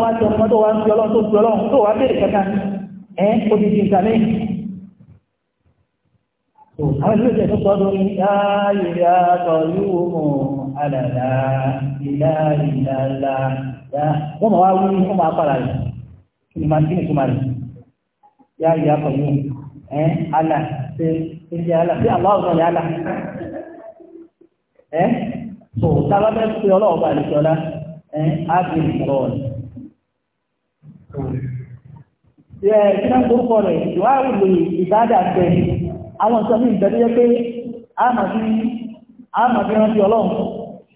wọ́n ti ti àwọn ìlú ìjẹ̀ tó sọ́dọ̀ ní láàyè àtọ̀lúwòmọ̀ àdàdà ìlàìlàlà wọ́n máa wá wí wọ́n máa pàdà rẹ̀ kí ni máa ń dín ìtumà rẹ̀ láàyè àtọ̀lúwòmọ̀ ẹ̀ àlà ṣe ṣe àlà ṣe àlọ́ ọ̀gbọ̀n ní àlà ẹ̀ tó àwọn ìṣẹ́ mìí ìgbẹ̀dẹ́ pé àmàbí rántí ọlọ́run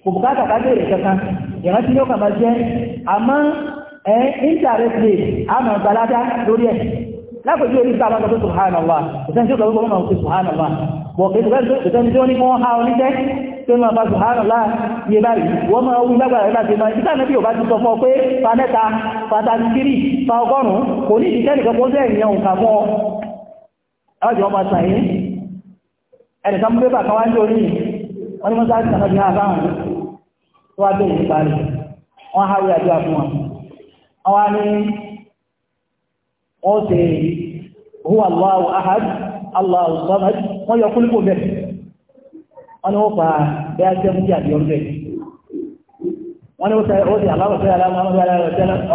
kò bùkátà ká bèèrè kankan ìrántí ní ọkà máa jẹ́ àmọ́ ẹ̀ íńtàrẹ́sì àmàbàládá lórí ẹ̀ lápòjú orí sábà lọ sí subhanallah ìsẹ́ni tí ó subhanallah bọ̀ kí ìsẹ́ni tí ó ní wọ́n ha oníṣẹ́ tí ó máa bá subhanallah yé báyìí wọ́n máa wú lágbàrá ẹ̀lá ti máa ìsẹ́ àmẹ́bí ò bá ti sọ fún ọ pé fa mẹ́ta fa tàbí kiri fa ọgọ́rùn-ún kò ní ìdíkẹ́ nìkan ọjọ́ ọmọ sàyé ẹnìkan mú pépà kan wá ní orí wọn ni wọ́n sáré sàkọ́ bí wọ́n báwọn tó wá bẹ̀rẹ̀ nípa rẹ̀ wọ́n háwé àdúrà fún wọn huwa Allahu ahad Allahu samad wọ́n yọ kúlùkù bẹ́ẹ̀ wọ́n ni wọ́n fa ya jẹ́ fún jàdí ọ̀rẹ́ wọ́n ni wọ́n ṣe ó ṣe aláwọ̀ sẹ́yà ya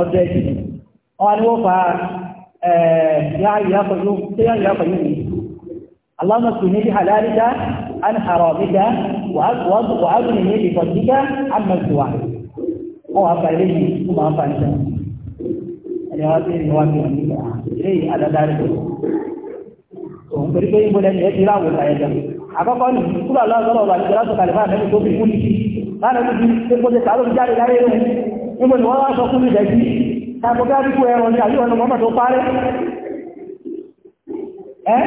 ọ̀rẹ́ ọ̀rẹ́ اللهم اكفني بحلالك عن حرامك واغنني بفضلك عمن سواك ó wàá fa eléyìí ó máa fa ìṣẹ́ ẹni wá sí ìwà mi ò ní ìyá eléyìí àdádáre òun torí pé ibo lẹni ẹ ti ráwọ ìgbà ẹjọ́ àkọ́kọ́ ni kúrò àlọ́ àlọ́ ọ̀rọ̀ àti ìjọba sọ̀kalẹ̀ máa mẹ́rin tó fi kú ní kí lára ní ti epo ṣe tààrọ̀ jáde láyé rẹ̀ níbo ni wọ́n wá sọ fún mi dẹ̀jú tàbí kí á dúkú ẹran ní àyíwọ̀n ọmọ tó parẹ́ ẹ́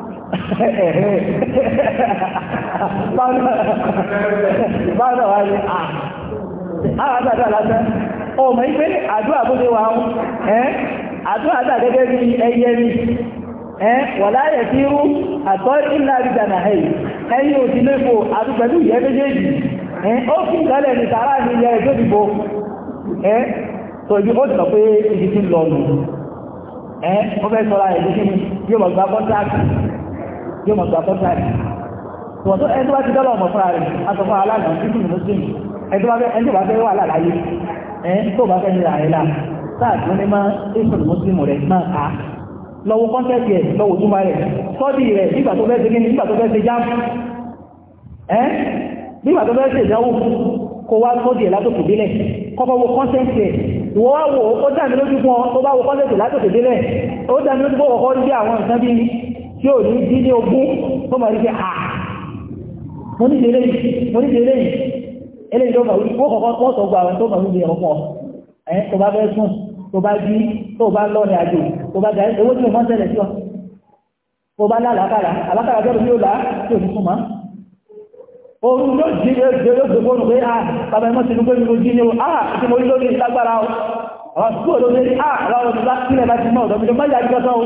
báwọn wá ní ọmọ ìpé àdúrà bó ṣe wà ń àdúrà dà gẹ́gẹ́ bí ẹyẹ ni wà láyẹ̀ tí rú àtọ́ ìlà àrídànà ẹ̀yìn ẹ̀yìn òsì lẹ́fò àdúgbẹ̀lú ìyẹ́ méjèèjì ó kí ìgbàlẹ̀ ní sàárà ní ilẹ̀ ẹjọ́ ìbò tọ́jú ó tọ̀ pé ìdí ti lọ nù ó fẹ́ sọ́ra yóò mọ̀ gbàgbọ́ sáré tòmọ̀tò ẹni tó bá ti dọ́là ọmọ fúnra rẹ̀ asọ̀fún aláàgbà títí ní mùsùlùmí ẹni tó bá fẹ́ ẹni tó fẹ́ wà láàyè ẹni tó bá fẹ́ ní ààrẹ là sáà tó ní máa èso ní mùsùlùmí rẹ̀ máa kà lọ́wọ́ kọ́ńtẹ́ẹ̀tì ẹ̀ lọ́wọ́ tó rẹ̀ sọ́ọ̀dì rẹ̀ nígbà tó fẹ́ ṣe wá sọ́ọ̀dì ẹ̀ látòkè délẹ̀ kọ́kọ́ wo kọ́ńtẹ́ẹ̀tì ẹ̀ wọ́n wá wo ó dàmí lójú fún ọ tó bá wo kọ́ńtẹ́ẹ̀tì látòkè délẹ̀ ó dàmí lójú fún ọkọ̀ rí bí àwọn nǹkan tí ò ní dín ní ogún tó máa rí pé à ah, mo ní délé yìí mo ní délé yìí eléyìí tó máa wí ó kọ̀kọ́ wọ́n sọ gba àwọn tó máa wí lè ọkọ̀ ẹ̀ tó bá fẹ́ sùn tó bá jí tó bá lọ́rin àjò tó bá dà owó tí mo máa sí ọ tó bá lálàákàlà àlákàlà bẹ́ẹ̀ ló là tí ò ní sùn ah, máa òun ló jí ló gbé fóònù pé à bàbá ẹmọ́ sínú pé nínú jí ní o àà ah, tí mo rí lórí lágbára o àwọn tí lórí àà láwọn ọdún bá sílẹ̀ bá ti mi ló bá yà jọ́sọ́ o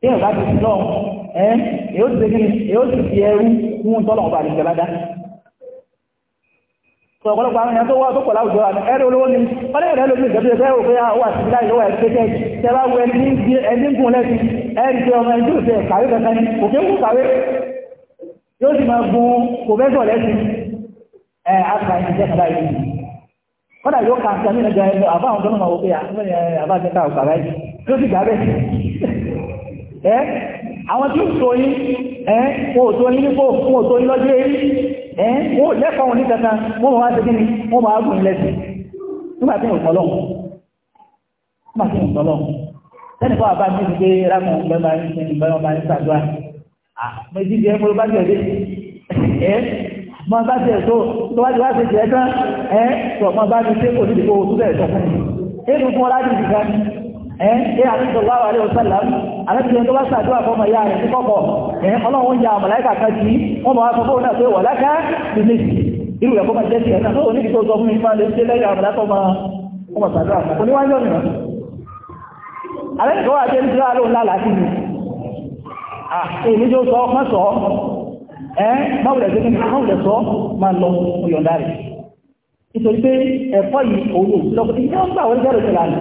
tí ọ̀gá ti sí lọ́wọ́ ẹ́ èyí ti segin ti fi ẹrú fún ọba àdìsẹ́ bá dá ọ̀pọ̀lọpọ̀ àwọn èèyàn tó pọ̀ láwùjọ ẹ̀rẹ́ olówó ni wọ́n lẹ́yìn rẹ̀ lójú ìjọba ẹgbẹ́ òfin àwọn àtìsílá ìlọ́wọ́ ẹ̀ẹ́dẹ́gbẹ́ tẹ́lá wo ẹni ẹni gùn ẹ̀rí ọmọ kàwé òkè ń kàwé yóò sì máa gun ẹ̀ àkà yìí kọ́dà yóò ẹ́ àwọn tí ó tó yí ẹ́ wọ́n ò tó yí nípò wọ́n ò tó yí lọ́jọ́ èrí ẹ́ wọ́n ò lẹ́kọ̀ọ́ wọn ní kankan wọ́n máa ṣe kíni wọ́n máa gùn lẹ́sì nígbà tí òun tọ́lọ́ nígbà tí òun tọ́lọ́ sẹ́ni kọ́ àbá mi ti gbé rákùn bẹ́ẹ̀ bá ń ṣàdúrà méjì jẹ́ mo bá jẹ̀ dé ẹ́ mo bá jẹ̀ tó tó wájú wá ṣe jẹ́ tán ẹ́ tó mo bá mi ṣe kò ní ìdìbò òtúbẹ̀ tó fún mi ẹ àríṣọ́lá wà lè ọ̀sánlá tó bá sàdúwà fọmọ ìyá rẹ̀ kíkọ́kọ́ ẹ̀ ọlọ́run ya àmàláìkà kan tí wọ́n bá wá sọ fóònà pé wà láká jẹ́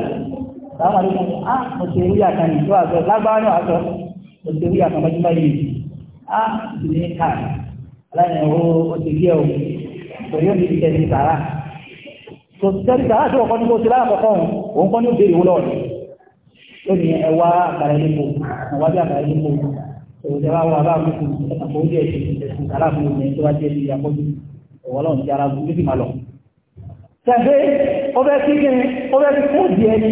sí sàmà ló fún ah, mi ah mo ti rí àkànní tó àgbẹ lágbára náà àgbẹ mo ti rí àkànní bájú báyìí ah ti ní ká aláìní o o ti rí ẹ o kò yóò ní ìṣẹ́ ti sàrà kò sẹ́ni sàrà tí òun kọ́ ní kó ti láyà kọ̀ọ̀kan òun kọ́ ní ó béèrè wọlọ́ọ̀ ni ó ní ẹ wá àkàrà ẹ̀dínkù àwọn wájú àkàrà ẹ̀dínkù ìjọba wa bá mú àpò ojú ẹ̀sìn ẹ̀sìn aláàbò ní ẹni tó bá jẹ́ ìyá pọ́jú ọ̀wọ́lọ́ ní ara bú níbi màlọ́. Ṣẹ̀dé ọbẹ̀ kí ni ọbẹ̀ kí fún ìdí ẹni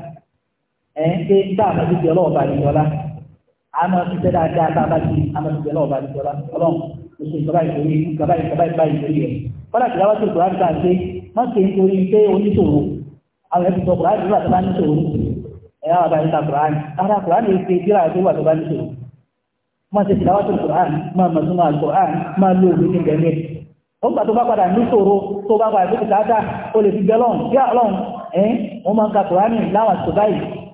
ẹ̀ ń ké tá a bá ti di ọlọ́wọ́ bá di ọlá àmọ́ ṣiṣẹ́ dáadáa tá a bá ti àmọ́ ti di ọlọ́wọ́ bá di ọlá ọlọ́run kò sí ìjọba ìtòrí ìjọba ìjọba ìjọba ìtòrí ẹ̀ kọ́lá ti dáwọ́ sí ìkùrá nípa ṣe má ṣe nítorí pé oníṣòro àwọn ẹ̀sìn sọ kùrá nígbà tó bá níṣòro ẹ̀ wá bá níta kùrá ní ara kùrá ní ṣe jíra tó wà tó bá níṣòro má ṣe tìdáwọ́ sí kùrá ní má sínú àkùrá ní má òwe ní gẹ̀mẹ́ ó gbà tó bá padà níṣòro tó bá padà tó ti dáadáa ó lè fi bẹ́ lọ́hùn bí àlọ́hùn ẹ̀ wọ́n máa ka kùrá ní láwọn àtúntò báyìí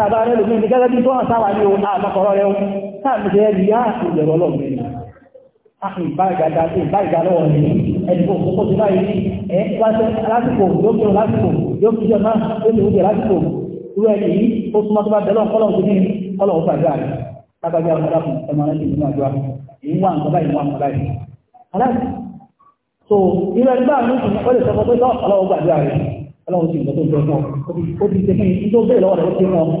tàbá rẹ̀ lómi ní gẹ́gẹ́ bí tó hàn sáwà ní ohun àmọ́kọ̀rọ̀ rẹ̀ táàmì jẹ́ rí ààtì ìjọ̀rọ̀ ọlọ́gbìn ìbáìgàdà sí ìbáìgàlọ́wọ̀ ní ẹ̀dùkò kókó ti báyìí ní ẹ̀ lásìkò yóò kí o lásìkò yóò kí ọ̀nà ó lè wújẹ lásìkò irú ẹni yìí ó súnmọ́ tó bá bẹ̀rẹ̀ ọ̀kọ́lọ̀ tó ní ọlọ́ òfàgbà rẹ̀ lágbàjá ọ̀dàkùn ẹ̀mọ̀ rẹ̀ nínú àjọ ìwà nǹkan báyìí wà nǹkan báyìí. aláàbò so irú ẹni báà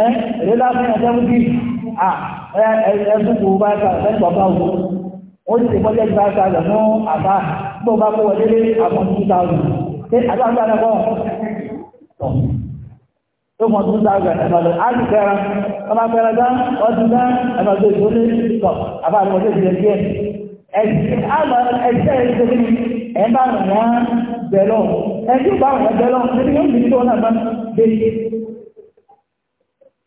ẹ́ ìrẹ́lá fún ẹ̀sẹ́mùtì à ẹ̀ẹ́dẹ́gbùkù bá ta ẹ̀ẹ́dẹ́gbọ̀bá òkú ó ti ṣe pọ́jẹ́ ìgbà ta rẹ̀ fún àbá gbọ́ bá kó wọlé lé àwọn two thousand ṣé àdáńgbà náà kọ́ tọ̀ tó mọ two thousand ẹ̀fà lọ á ti kẹ́ra ọmọ akẹ́ra dá ọdún dá ẹ̀fà tó ìṣó lé tọ̀ àbá àti ọdún ìṣẹ́ díẹ̀ ẹ̀ṣẹ́ ìṣẹ́ ẹ̀ bá wọn bẹ̀rọ̀ ẹ̀ tí ó bá wọn bẹ̀rọ̀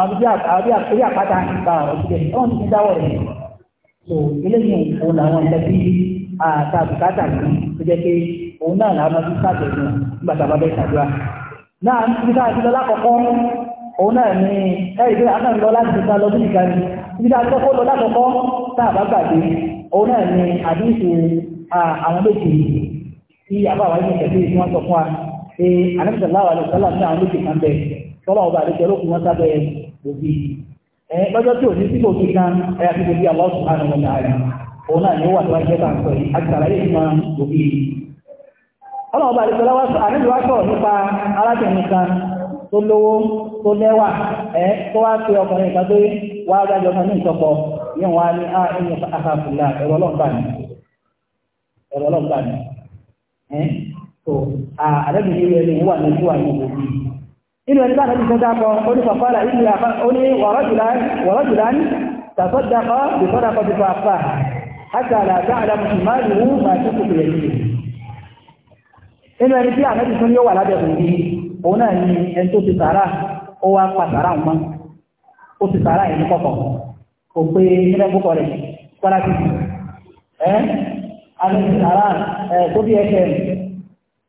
àbí àpáta ìgbà ọ̀sẹ̀ ọ̀hún ti dáwọ̀ rẹ̀ so eléyìí òun làwọn ẹ̀jẹ̀ bí àtàbùkátà ní tó jẹ́ pé òun náà làwọn ọdún nígbà tá a bá bẹ́ẹ̀ ṣàdúrà náà lákọ̀ọ́kọ́ òun náà ní ẹ̀rí pé àwọn lọ láti ta lọ bíi ìgbàlè níbi tá a ti lọ lákọ̀ọ́kọ́ tá a bá gbàgbé òun náà ní àwọn méjì tí àbáwá yìí ń tẹ̀lé sọ fún wa tọ́lọ́ ọba àdéjọ ló kù wọn sábẹ́ òbí ẹ tí ò ní kí kan ẹ àti bòbí Allah subhanahu wa ta'ala òun náà ni ó wà tó wáyé bá ń sọ yìí àti sàlàyé ìmọ̀ òbí yìí ọlọ́ọ̀bá wá sọ̀rọ̀ nípa kan tó lówó tó lẹ́wà ẹ tó wá pé ọkùnrin kan wá dájọ́ inú ẹni bá nàbí sọ́dápọ̀ onífàfàlà ilẹ̀ oní wàrọ́jùlán tàṣọ́dápọ̀ bí sọ́dápọ̀ ti fàfà àti àlàáfà alámùsùmáàlùú máa tí kò fèrè yìí inú ẹni tí àmẹ́bí tún yóò wà lábẹ́ òní òun náà ni ẹni tó ti sàárà ó wá pa sàárà mọ́ ó ti sàárà ẹni kọ̀kọ̀ kò pé nínú ẹgbẹ́ rẹ̀ kọ́lá ti di ẹ́ àmì sàárà ẹ̀ tó bí ẹ̀kẹ́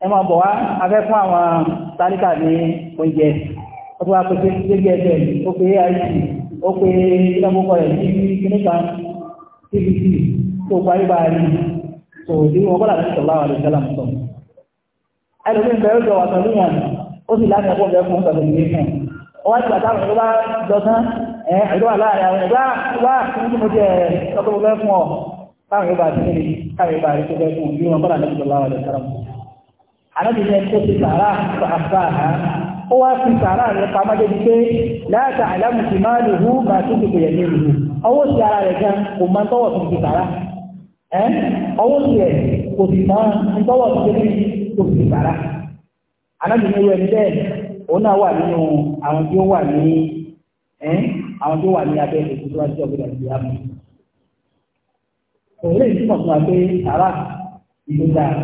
ẹ̀ máa bọ̀ wá afẹ́ fún àwọn táníkà ní oúnjẹ ó tó wá pé gbégbé ẹgbẹ́ ó pé aic ó pé ìlọ́mọ́kọ rẹ̀ ní kíníkà tbc tó gba ibà rí tó ní wọn kọ́lá ní sọ̀rọ̀ àwọn àlejò àmì sọ. ẹlòmíín bẹ̀rẹ̀ ó jọ wà pẹ̀lú yàn ó sì láti ẹ̀kọ́ bẹ̀rẹ̀ fún pẹ̀lú ìwé fún ọ wá ìgbà táwọn ọ̀dọ́ arábìnrin kó ti sàárà àfáàhá a wá fi sàárà rẹ̀ pamọ́ débi pé láàtà àlámùsì máa lè hú máa tún ti pèyẹ̀ ní ìlú ọwọ́ sí ara rẹ̀ gan kò máa tọ́wọ̀ tún ti sàárà ẹ́ ọwọ́ sí ẹ̀ kò sì máa ń tọ́wọ̀ tún ti tó ti sàárà arábìnrin rẹ̀ ní bẹ́ẹ̀ òun náà wà nínú àwọn tí ó wa ni abe àwọn tí ó wà ní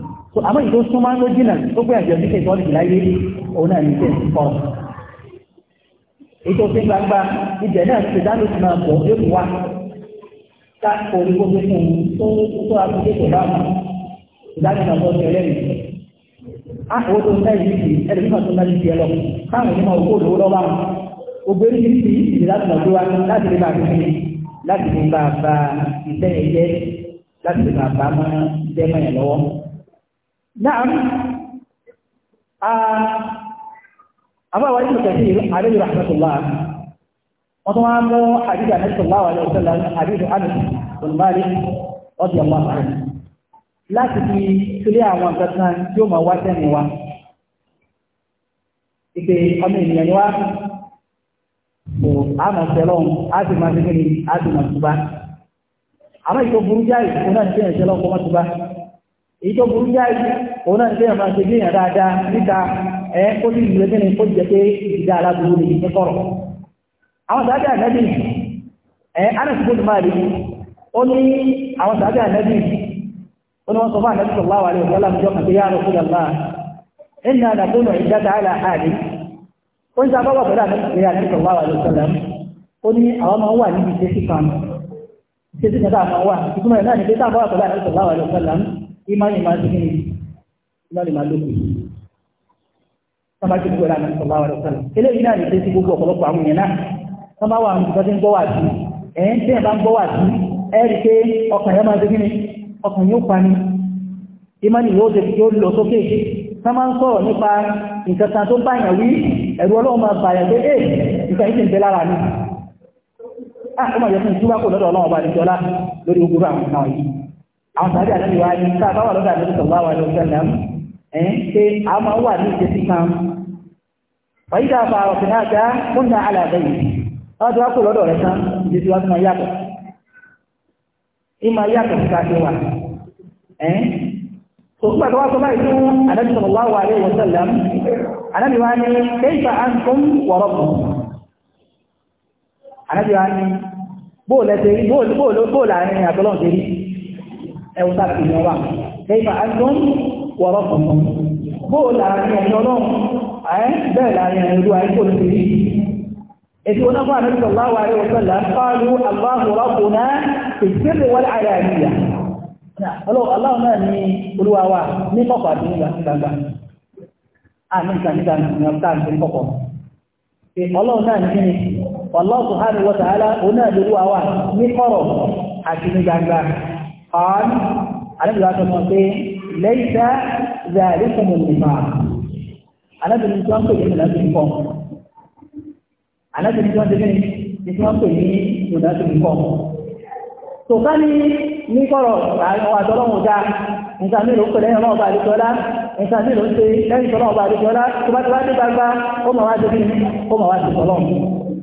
àmọ́ ìtò súnmọ́ ló jìnà tó pé àjọ ìdíkẹ̀ ìtọ́lì láyé òun náà ní tẹ̀sí kọ́ ètò òfin gbangba ibẹ̀ náà ti dá lóṣù náà pọ̀ yóò wá ká orí gbogbo fún un tó tó àkókò tó bá wọn ìdájọ́ náà bọ́ sí ẹlẹ́rìí á owó tó ń dá ìlú yìí ẹ̀rọ nígbà tó ń dá ìlú yẹn lọ káwọn onímọ̀ owó lówó lọ́wọ́ àwọn gbogbo نعم أبا وإبن كثير عليه رحمة الله وطبعا حديث عن صلى الله عليه وسلم حديث عن بن مالك رضي الله عنه láti fi sílé àwọn kankan tí ó máa wá wa ìpè ọmọ ènìyàn ni wá kò àmọ̀ sẹ́lọ̀n á sì máa ṣe kí ni á ti èyí tó burú jáì òun náà ṣe àmà ṣe gbìyànjú dáadáa níta ẹ kó sì ìlú ẹgbẹ́ ni kó jẹ pé ìdá aláburú ni ìṣe kọ̀rọ̀. àwọn sàájà ànábì ẹ ánàsì tó máa rí ó ní àwọn sàájà ànábì ó ní wọn sọ fún ànábì sọlá wà lè wọlá àmì jọkàn pé yára òkú dàgbà ẹnì àdàkùnú ìjà tààlà àdì ó ń sábà wà pẹ̀lú ànábì sọlá wà lè sọlá ó ní àwọn wà níbi ìṣesí ìmánì máa ti kíni ìmánì máa lókè sábàtì gbogbo ìlànà ìsọ̀bá wa lọ́sọ̀rọ̀ eléyìí náà lè ṣe sí gbogbo ọ̀pọ̀lọpọ̀ àwọn èèyàn náà sábà wà ní ìtọ́jú ń gbọ́ wà sí ẹ̀ ń tẹ́yìn ń gbọ́ wà sí ẹ̀ pé ọkàn yẹn máa ti kíni ọkàn yóò pa ni ìmánì yóò ṣe yóò lọ sókè sábà ń sọ̀rọ̀ nípa nǹkan kan tó bá yàn wí ẹ̀rù ọlọ́run máa bàyàn pé ẹ̀ nǹkan yìí ti ń bẹ lára mi. a ah, kò máa yẹ fún àwọn sàbí àti ìwà ni tá a bá wà lọ́dọ̀ àti ìsọ̀lá wa ló ṣẹlẹ̀ ẹ̀ ṣe a máa wà ní ìṣesí kan wàyí tá a fa ọ̀sẹ̀ náà já fún náà àlàbẹ̀ yìí wọ́n ti wá kó lọ́dọ̀ rẹ̀ tán ìṣesí wa ti máa yàtọ̀ ìmọ̀ yàtọ̀ sí káàkiri wa ẹ̀ òkúta tó wá sọ báyìí fún àdájọ́ sọ̀rọ̀ wa lè wọ́n ṣẹlẹ̀ ànábì wa ni kéyìfà á ń kún wọ̀rọ̀ kù ànábì wa ni bóòlù àárín àtọ́lọ́ ẹ̀wọ̀n tá a ti yàn wà lẹ́yìn àdùn wọ̀rọ̀ kọ̀ọ̀kan bóò láàrin ẹ̀yìn ọlọ́run ẹ̀ bẹ́ẹ̀ láàrin ẹ̀yìn olúwa ẹ̀kọ́ ló ti rí ètò onáfà àti sallallahu alaihi wa sallam qalu Allahu rabbuna ìṣẹ́lẹ̀ wọlé àyà àríyá ọlọ́run náà ní olúwa wa ní kọ̀kọ̀ àti nígbà gbangba àmì ìgbà àti ní gbangba قال على ذلك المنطقين ليس ذلكم النفاق على ذلك المنطق منافقكم على ذلك المنطق منافقكم tòká ní ní kọ́rọ̀ àwọn àtọ́lọ́wọ̀n dá nǹkan mélòó pẹ̀lú ẹ̀yàn náà bá àdìsọ́lá nǹkan mélòó ṣe lẹ́yìn tọ́lọ́wọ̀n bá àdìsọ́lá tó bá ti wá ní gbangba ó mà wá ti bí ó mà wá ti sọ́lọ́wọ̀n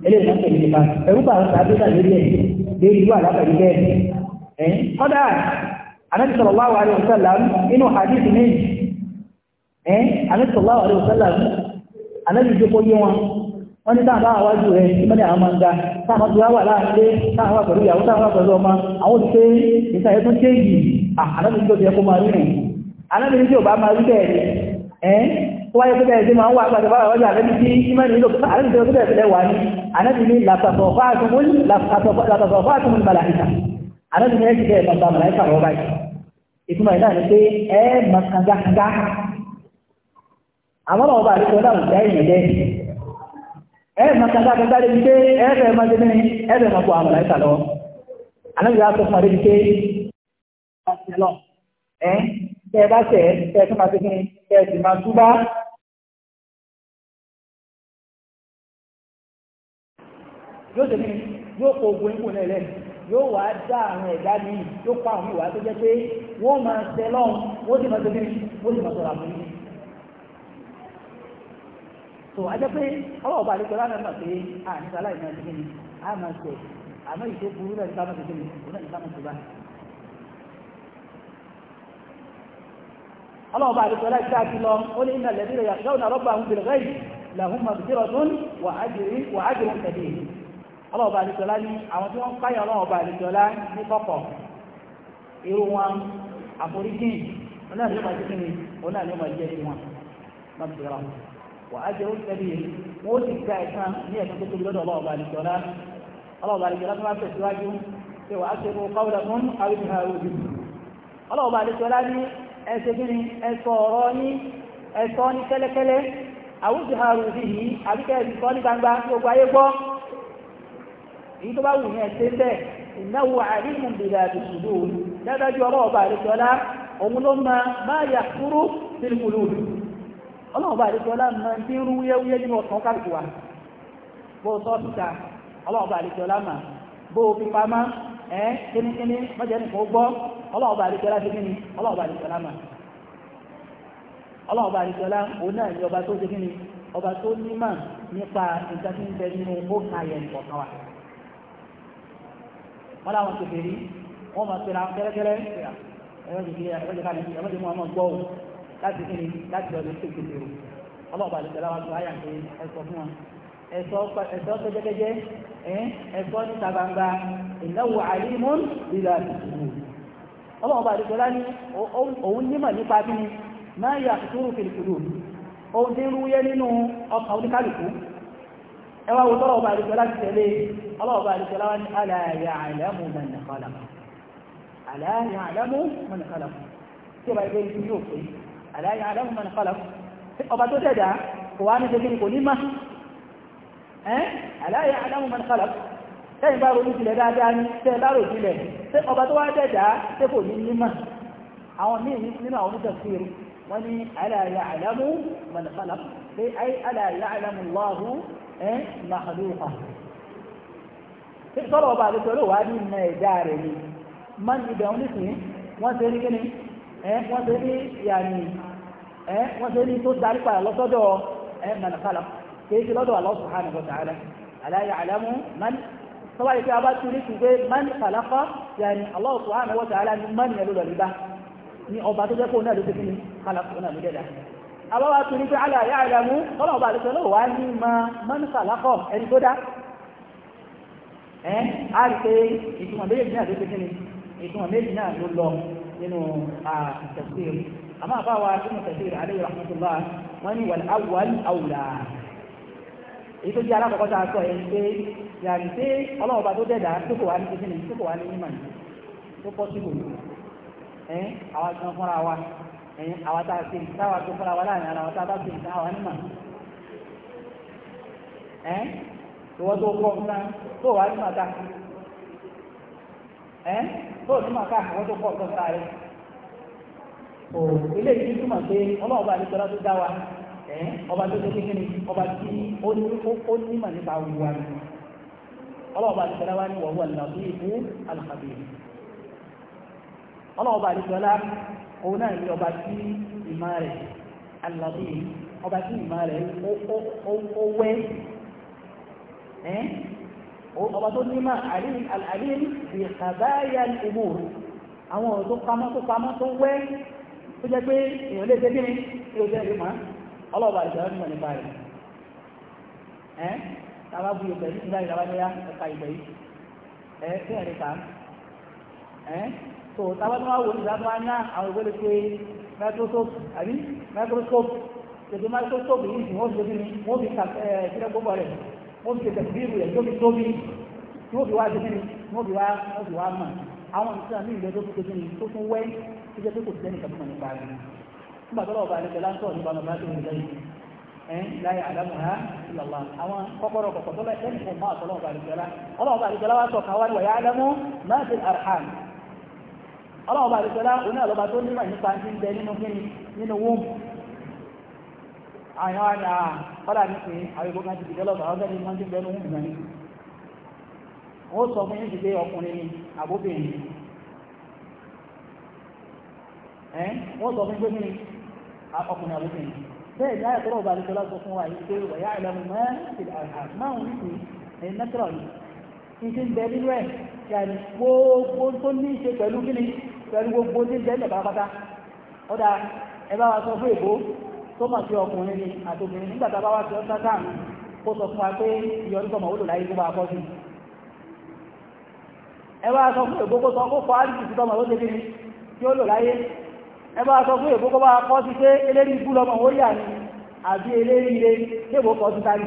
eléyìí náà pẹ̀lú nípa ẹ̀rú bá àwọn sàbẹ́sà lórí ẹ̀ lórí irú àlápẹ̀lú bẹ́ẹ̀ kọ́dà eh? Ànábì sallallahu alaihi wasallam inú hadith ní eh? Ànábì sallallahu alaihi wasallam Ànábì jókòó yé wọn wọ́n ní táàbá àwájú rẹ̀ ìmọ́lẹ̀ àwọn máa ń ga ya tó wá wà láàárín táàbá pẹ̀lú ìyàwó táàbá pẹ̀lú ọmọ àwọn òṣìṣẹ́ ìṣàyẹ̀ tó ṣe yìí Ànábì tó jẹ́ kó máa àlọ́dúnrún ẹ̀sìn bẹ́ẹ̀ máa gba màláìka wọ báyìí ìtumọ̀ ìdá ni pé ẹ máa kangakanga àwọn ọmọ ọba àdúgbò náà dá ìyẹn dẹ ẹ yóò wá dá àwọn ẹ̀dá mi yóò pa àwọn ìwà tó jẹ́ pé wọ́n máa tẹ lọ́hùn wọ́n sì máa tẹ̀lé wọ́n sì máa tọ̀rọ̀ àbúrú yìí. tó a jẹ́ pé ọlọ́wọ́ bá àdékọ́lá náà mà pé a ní sálà ìmọ̀ ẹ̀dẹ́gbẹ́ ni a máa tẹ̀ àmọ́ ìṣó burú náà nípa máa tẹ̀lé òun náà nípa máa tẹ̀lé ọlọ́wọ́ bá àdékọ́lá ìṣá ti lọ ó ní ìnà lẹ́bí rẹ̀ yàtọ̀ ọlọ́ọ̀bà àlejòlá ní àwọn tí wọ́n ń páyà ọlọ́ọ̀bà àlejòlá ní kọ̀kọ̀ irú wọn àforíjì ọ̀nà ni ó máa jẹ́ kíni ọ̀nà ni ó máa jẹ́ kí wọn má ti rà wà á jẹ́ ó tẹ̀lé wọn ó sì gba ẹ̀san ní ẹ̀san tó tóbi lọ́dọ̀ ọlọ́ọ̀bà àlejòlá ọlọ́ọ̀bà àlejòlá tó máa tẹ̀síwájú pé wà á ṣe kó káwùdà fún èyí tó bá wù yẹn ṣe bẹ́ẹ̀ ìnáwó àríyìn bìlà àdùsùdù dájú ọlọ́ọ̀bà àdìsọ́lá òun ló máa máa yà kúrú sínú olóòdù ọlọ́ọ̀bà àdìsọ́lá máa ń dín rúwúyẹ́wúyẹ́ nínú ọ̀sán kálukú bó sọ síta ọlọ́ọ̀bà àdìsọ́lá mà bó fi pamá ẹ́ ọba wọ́n láwọn ti fèrí wọ́n máa pèrè àwọn kẹ́lẹ́kẹ́lẹ́ ẹ̀rọ ìdílé ẹ̀rọ ìdílé ẹ̀rọ ìdílé wọn gbọ́ òun láti kí ni láti ọdún tó kéde o ọlọ́ọ̀bà àlejò aláwa tó ayà pé ẹ̀sọ́ fún wọn ẹ̀sọ́ tó jẹ́jẹ́jẹ́ ẹ̀sọ́ níta gbangba ìnáwó àlímọ́n ìlà ìdìbò ọlọ́ọ̀bà àlejò alá ní òun nímọ̀ nípa bí ni máa yà kúrú fèrèkúrò òun ti rú yẹ nínú ọkàn ẹwà wo tọ́lọ̀ ọba àdìsọ́lá ti tẹ̀lé ọlọ́ọ̀ba àdìsọ́lá wá ní aláàyà àlámù mọ̀nàkọ́lá aláàyà àlámù mọ̀nàkọ́lá tí ọba ìgbé ìlú yóò pé aláàyà àlámù mọ̀nàkọ́lá ọba tó tẹ̀dá kò wá ní ṣe kò ní má aláàyà àlámù mọ̀nàkọ́lá tẹ́yìn bá ronú tilẹ̀ dáadáa ní tẹ́ bá rò tilẹ̀ tẹ́ ọba tó wá tẹ̀dá tẹ́ kò ní ní má àwọn míì nínú àwọn onítẹ̀síru wọ́n ní aláàyà àlámù mọ̀nàkọ́lá pé aláàyà ẹ́ màlúùfà sọ́rọ̀ ọba àti sọ́rọ̀ wàá ní ìmọ̀ ẹ̀dá rẹ̀ ni man ibẹ̀ wọn nísìnyí wọ́n ṣe ní kíni ẹ́ wọ́n ṣe ní yàní ẹ́ wọ́n ṣe ní tó darí padà lọ́sọ́dọ̀ ẹ́ mẹ́nàfàlà kìí ṣe lọ́dọ̀ Allah subhanahu wa ta'ala ala ya'lamu man sọ́wọ́ yìí pé a bá tún ní ṣùgbẹ́ man khalaqa yàní Allah subhanahu wa ta'ala ni man yẹn àbáwá tún ní pé àlà àyà àdàmú kọ́nà wá ní ma mọ́nísà lákọ̀ ẹni tó dá ẹ́ á rí pé ìtumọ̀ méjì náà ló ti kíni ìtumọ̀ méjì náà ló lọ nínú tafsir àmọ́ àbáwá wọ́n ní èyí tó jẹ́ alákọ̀ọ́kọ́ tá a sọ ya pé yàrá pé ọlọ́wọ́ tó dẹ̀dá tó kò wá ní ẹ̀yìn eh, àwọn tá a ṣe nǹkan àwọn tó fara wa láàrin ara wọn tá a bá ṣe nǹkan àwọn nímọ̀ ẹ̀ eh, ìwọ́n tó kọ́ nǹkan tó wà nímọ̀ ká ẹ̀ eh, tó nímọ̀ ká ìwọ́n tó kọ́ nǹkan sáré o ilé yìí túmọ̀ pé ọlọ́ọ̀bá àdìsọ́lá tó dá wa ẹ̀ ọba tó tó kékeré ọba tí ó ní ó nímọ̀ nípa awùwà wa ọlọ́ọ̀bá àdìsọ́lá wa ní wọ̀wọ́ àlùfáà ìfún àlùfáà òun náà ni ọba tí ìmá rẹ̀ alàbí ọba tí ìmá rẹ̀ ó wẹ́ ọba tó ní àríyìn bí kàbáyà ìmú àwọn ọ̀rọ̀ tó pamọ́ tó pamọ́ tó wẹ́ tó jẹ́ pé èèyàn lè kíni tí ó jẹ́ ìlú máa ọlọ́ọ̀bà ìṣẹ̀lẹ̀ nípa rẹ̀ tàbá bu so tábàtí wọ́n wò ní ìdájọ́ wọn ná àwọn ìwé lè pe microscope àbí microscope tètè microscope yìí sì wọ́n fi lóbi ní wọ́n fi kà ẹ̀ sílẹ̀ gbogbo rẹ̀ wọ́n fi tètè bíbù rẹ̀ tó fi tóbi tí wọ́n fi wá sí kíni wọ́n fi wá wọ́n fi wá mọ̀ àwọn nǹkan ní ìlú tó fi tóbi ní tó fún wẹ́ tó jẹ́ tó kò sẹ́ni kàdúmọ̀ nípa rẹ̀ nígbà tó lọ́wọ́ bá ní pẹ̀lá ń sọ̀rọ̀ nípa ọ̀nà bá tó ń lẹ́yìn láyé àdámọ̀há ìlàlá àwọn kọ́kọ́rọ̀ kọ̀kọ́ tó lẹ́yìn fún máa tọ́lọ́wọ́ bá ní pẹ̀lá ọlọ́wọ́ bá ní sọ káwá ní wàyá ádámọ́ máa ti àrhàn ọlọ́wọ́ bá àdìsọ́lá oní ọ̀lọ́ba tó nímọ̀ nípa ti ń bẹ nínú kíni nínú womb àwọn àwọn àyà kọ́dà nípìn àwọn ìgbókan ti dìde lọ́gbà ọgbẹ́ni wọ́n ti bẹnu womb náà ni wọ́n sọ fún yín ti pé ọkùnrin ni àbóbìnrin ẹ́ wọ́n sọ fún pé kí ni ọkùnrin àbóbìnrin bẹ́ẹ̀ ni àyà tọ́lọ́wọ́ bá àdìsọ́lá sọ fún wa yìí pé wọ̀yá ìlànà mẹ́rin ti pẹ̀lú gbogbo tí ń jẹ́ ilẹ̀ pátápátá ó dá ẹ bá wa sọ fún èbó tó mọ̀ sí ọkùnrin ni àtòkùnrin nígbà tá a bá wá sí ọ́ sátán kó sọ fún wa pé ìyọrí sọmọ òwúlò láyé tó bá kọ́ sí ẹ bá sọ fún èbó kó sọ kó kọ́ àdìsí sí tọmọ lóde kíni tí ó lò láyé ẹ bá sọ fún èbó kó bá kọ́ sí pé eléyìí ikú lọmọ ó yà ní àbí eléyìí ilé kébò kọ́ sí sáré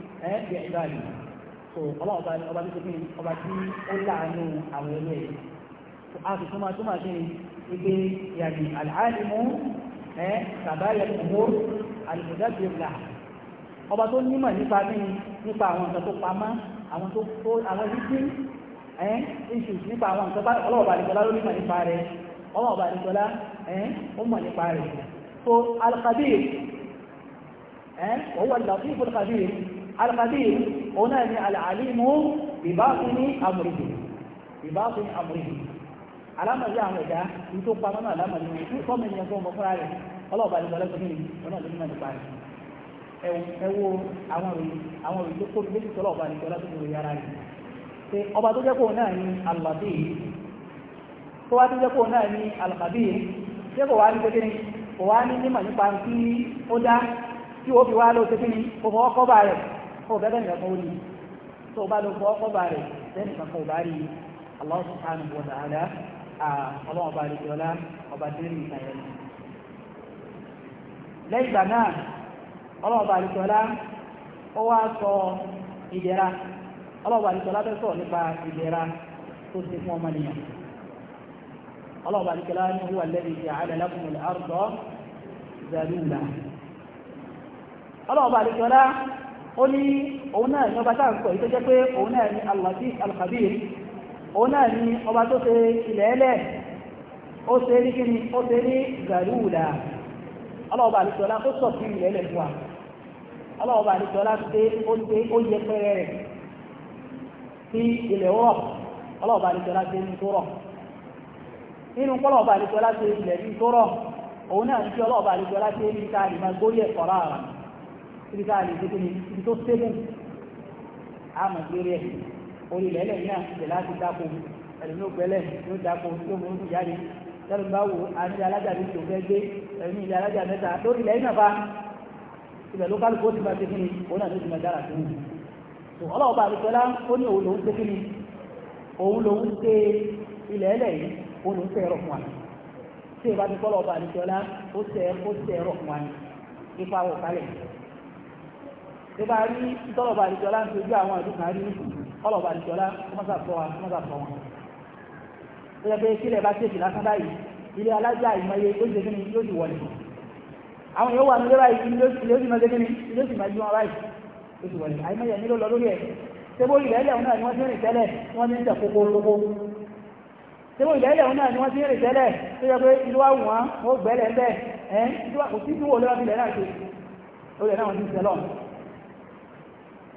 ẹ̀ bí ẹ̀dá yìí so ọlọ́ọ̀bá ọba tó kí ọba tí ó láàánú àwọn ẹlẹ́ yìí a sì túnmọ̀ túnmọ̀ sí ibi yàgbì alhálìmú ẹ̀ sàbáyà ìmú alìmùdájú ìlà ọba tó nímọ̀ nípa bí nípa àwọn nǹkan tó pamọ́ àwọn tó kó àwọn títí ẹ̀ issues nípa àwọn nǹkan bá ọlọ́ọ̀bá àdìgbọ́lá ló nímọ̀ nípa rẹ̀ ọlọ́ọ̀bá àdìgbọ́lá ẹ̀ ó alkhabir òun náà ni alàlímù bìbáfínì amúrìbì bìbáfínì amúrìbì alámọ̀lé àwọn ẹ̀dá ní tó pa mọ́nà alámọ̀lé ní fọ́ọ̀mù ènìyàn tó ń bọ̀ fúnra rẹ̀ ọlọ́ọ̀bá ní bọ́lá fún mi òun náà ló ní mọ̀ nípa rẹ̀ ẹ wo àwọn òyìn àwọn ó bẹ́ẹ̀ bẹ́ẹ̀ nìkan ó ní tó o bá lọ fọ ọkọ̀ bá rẹ̀ bẹ́ẹ̀ nìkan ala ò bá rí Allah subhanahu wa ta'ala ọlọ́run ọba àdìjọ́lá ọba délé ìtàyẹ̀ ni. lẹ́yìn ìgbà náà ọlọ́run ọba àdìjọ́lá ó wá sọ ìdẹ̀ra ọlọ́run ọba àdìjọ́lá fẹ́ sọ nípa ìdẹ̀ra tó ti fún ọmọnìyàn ọlọ́run ọba àdìjọ́lá ní huwa alladhi ja'ala lakum al-arda zalula ó ní òun náà ní ọba táà ń tó jẹ́ pé òun náà ní al-Latif òun náà ọba tó ṣe ilẹ̀ ó ṣe ní kíni ó ṣe ní gàrúùdà ọlọ́ọ̀bà àlùsọ̀lá ó sọ̀ sí ilẹ̀ fún wa ọlọ́ọ̀bà àlùsọ̀lá ṣe ó ṣe ó yẹ pẹ́rẹ́ rẹ̀ sí ilẹ̀ rọ̀ ṣe ní nínú ṣe ilẹ̀ ní òun náà ní kí ṣe ibi tá a lè dúkú ni ibi tó sẹ́gùn àmọ̀ lórí ẹ̀ orí ilẹ̀ náà ṣe láti dáko ẹ̀lùmí ògbẹ́lẹ̀ ló dáko tó mú un jáde tẹ́lẹ̀ bá wò àní alájà mi tó fẹ́ gbé ẹ̀mí ilẹ̀ alájà mẹ́ta lórí ilẹ̀ náà fa ibẹ̀ ló kálukú ó ti máa ṣe ni òun náà ló ti máa dára sí i tó ọlọ́wọ́ bá àdúgbò lá ó ní òun lòún ṣe ni òun lòún ṣe ilẹ̀ ẹlẹ̀ yìí òun lòún ṣe ẹ̀rọ fún wa tí ìbá ti kọ́ ọlọ́wọ́ bá àdúgbò lá ó ṣe ẹ̀rọ fún wa ní ipa wọ̀ kálẹ̀ tó bá rí tọ́lọ̀bà àdìjọ́lá ń tojú àwọn àdúgbà rí tọ́lọ̀bà àdìjọ́lá kọ́mọ́sàtọ̀ wọn kọ́mọ́sàtọ̀ wọn tó yẹ pé kílẹ̀ bá tètè lásán báyìí ilé alájà ìmọye ó ṣe kí yóò ti wọlé àwọn yóò wà nílé báyìí ilé ó sì máa ṣe kí ilé ó sì máa ju wọn báyìí ó sì wọlé àìmọye nílò lọ lórí ẹ̀ sebo ilẹ̀ ẹlẹ̀ náà ni wọ́n ti rìn tẹ́lẹ̀ wọ́n ti ń tẹ̀ kókó lóko sebo ilẹ̀ ẹlẹ̀ náà ni wọ́n ti rìn tẹ́lẹ̀ tó yẹ pé ìlú àwọn wọn gbẹ́lẹ̀ ń bẹ̀ ẹ́ kò sí ìdúwò lọ́wọ́ ilẹ̀ náà ṣe olè náà wọ́n ti ń tẹ́lọ̀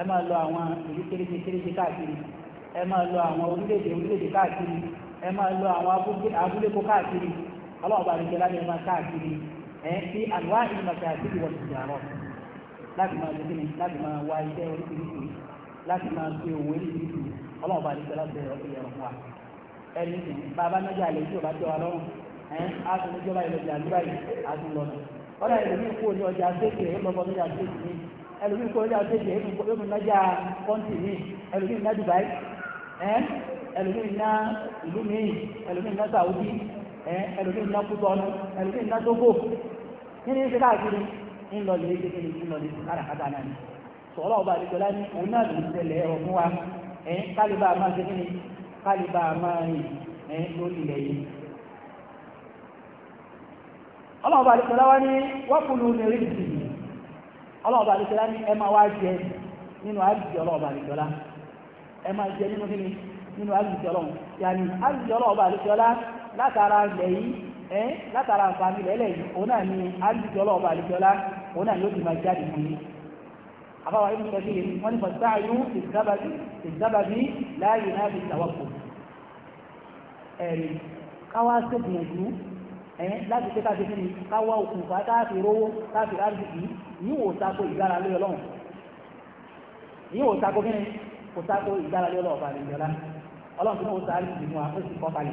ẹ máa lọ àwọn ìlú kéréje kéréje káàkiri ẹ máa lọ àwọn orílẹ̀-èdè orílẹ̀-èdè káàkiri ẹ máa lọ àwọn abúlékó káàkiri ọlọ́ọ̀bà àdìjẹ láti ẹ máa káàkiri ẹ fi àlùwá ìlú màkà àti ìwọ̀n ìjà rọ̀ láti máa lè kíni láti máa wá iṣẹ́ oríṣiríṣi láti máa fi òwò oríṣiríṣi ọlọ́ọ̀bà àdìjẹ láti ẹ ọ̀kẹ́ yẹrọ fún wa ẹni sìn bàbá mẹ́jọ àlẹ́ tí ò bá tẹ́ wa lọ́rùn ẹ á tún níjọba ìlọjà àdúrà yìí á tún lọ́nà ọ̀dà ìlú mi kú òní ọjà àti èkìrẹ́ lọ́kọ́ níjà àti èkìrẹ́ ẹlòmíì kó lójà ọ̀sẹ̀ ìṣẹ́ yóò tún nájà kọ́ńtì míì ẹlòmíì ná Dubai ẹlòmíì ná ìlú ẹlòmíì ná Saudi ẹlòmíì ná kútọ́nù ẹlòmíì ná Togo nínú iṣẹ́ káàkiri ńlọ lè ṣe kíni ńlọ lè náà ni sọ̀rọ̀ ọba àdìgbọ́lá ni òun náà lè ṣẹlẹ̀ ẹ̀rọ wa kálíbà máa ṣe kíni kálíbà máa rìn lórí ilẹ̀ yìí ọlọ́ọ̀bá àdìgbọ́lá wá ní ní ọlọ́ọ̀bà àdìsọ́lá ní ẹ máa wá jẹ nínú àdìsí ọlọ́ọ̀bà àdìsọ́lá ẹ máa jẹ nínú kíni nínú àdìsí ọlọ́ọ̀bà yàní àdìsí ọlọ́ọ̀bà àdìsọ́lá látara ilẹ̀ yìí ẹ látara àǹfààní lẹ́lẹ̀ yìí òun náà ni àdìsí ọlọ́ọ̀bà àdìsọ́lá òun náà ló ti máa jáde fún yín àbáwá inú kẹfì wọn ni fọ̀sáàyún ìsábàbí láàyè náà ẹ̀ láti pé káfí fún ni káwá òkùnfà káfí rówó káfí rásìkì yìí wò tako lé ọlọ́run yìí wò tako kíni tako lé ọlọ́run balẹ̀ ìjọba ọlọ́run tó wò ìdìbò wa ó sì kọ́ ah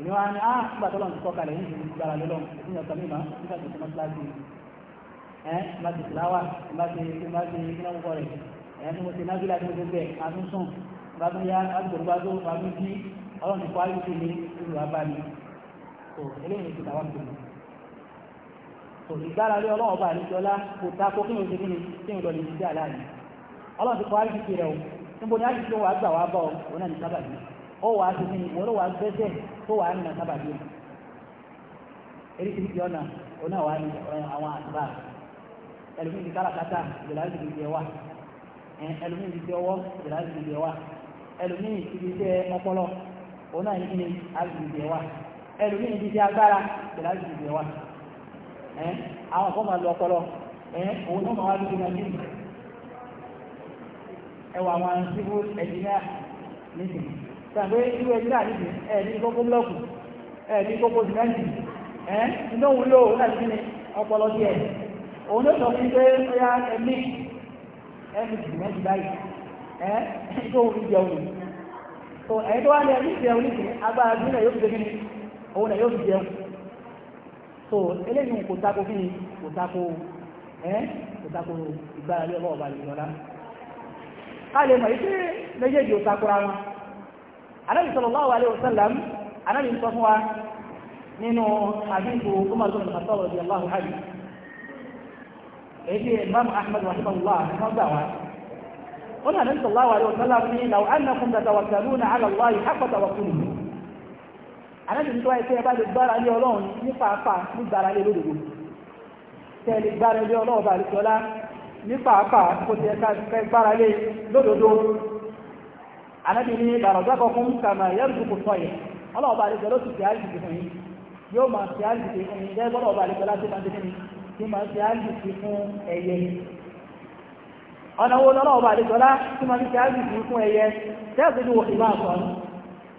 nígbà tó ti kọ́ kalẹ̀ yìí ti ìgbára lé ọlọ́run ìdí ọ̀sán mi nígbà tó tẹ́lá síláàsì ẹ̀ nígbà tó nígbà tó nígbà tó nígbà tó tó tó tó tó eléyìí lé ọlọ́wọ́ bá kò kó kí ti o níbo ni àríṣìṣe wàá gbà wàá bọ̀ ọ́ náà ní sábàbí ó wàá ṣe kí ni ìwọ́n ló wàá gbẹ́sẹ̀ tó sábàbí o eréṣiríṣi ọ̀nà òun náà wàá ní àwọn àtúbà ẹlòmíì ti kárakátà ìgbàláṣì ti ti ọwọ́ ẹlòmí ní ti agbára ìlà ìdìbò wa àwọn kan máa lo ọpọlọ òun náà máa wá lórí nàìjíríà ẹwà àwọn civil engineer nìsín tàbí irú ẹgbẹ́ àdìsí ẹ̀ẹ́dì gbogbo blọọkù ẹ̀ẹ́dì gbogbo sìmẹ́ǹtì ẹ̀ẹ́ inú òun lò ó láti ní ọpọlọ díẹ̀ òun ló sọ fún pé ó ẹ̀mí ẹ̀mí sìmẹ́ǹtì báyìí ẹ̀ẹ́ tó ń tó wá ní ẹ̀mí agbára owó rẹ̀ yóò fi jẹun so eléyìí kò tako kí ni kò tako ẹ́ kò tako ìgbára lé ọlọ́ọ̀bà lè yọ̀lá ká lè mọ̀ ike méjèèjì ò takora wọn anábì sallallahu alaihi wasallam anábì ń sọ fún wa nínú àdínkù Umar bin Khattab radiyallahu anhu èyí Imam Ahmad rahimahullah wọ́n gbà wá ó ní anábì sallallahu alaihi wasallam ní law annakum tatawakkaluna ala Allahi haqqa tawakkulihi anábìrin tó wáyé pé ẹ bá lè gbára lé ọlọ́run ní pàápàá ní gbára lé lódodo tẹ́ lè gbára lé ọlọ́run bá lè sọlá ní pàápàá kò tẹ́ ká gbára lé lódodo anábìrin bàrọ̀dọ́kọ̀ fún kàmà yẹ́rù tó kò sọ yẹ ọlọ́run bá lè sọ lóṣù tí a lè fún yín yóò máa fi àlùkè fún yín gẹ́gẹ́ bọ́lọ̀ bá lè sọlá tó máa dé nínú tí máa fi àlùkè fún ẹ̀yẹ ọ̀nà wo lọ́lọ́run bá lè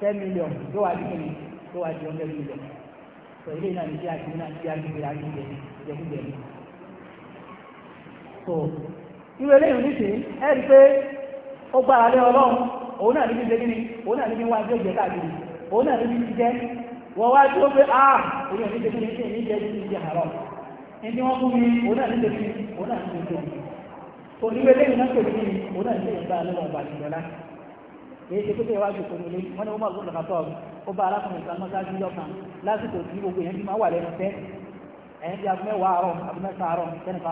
ten million yóò wá dín million so ilé náà ní bí àti náà bí àti bí àti jẹ jẹkújẹ ní. so irú eléyìí ní sìn ẹ pé ó gbára lé ọlọ́run òun náà níbi lẹ́yìn òun náà níbi káàkiri òun náà níbi wọ́n wá pé ah, òun náà níbi lẹ́yìn ní èyí ṣe pépé iwájú kò nílé wọn ni wọn máa gbọ́dọ̀ kàtọ ó bá arákùnrin kan mọsáájú lọkàn lásìkò tí gbogbo yẹn ti máa wà lẹ́nu fẹ ẹ̀yìn bí aago mẹ́wàá àárọ̀ àbí mẹ́ta àárọ̀ tẹnifà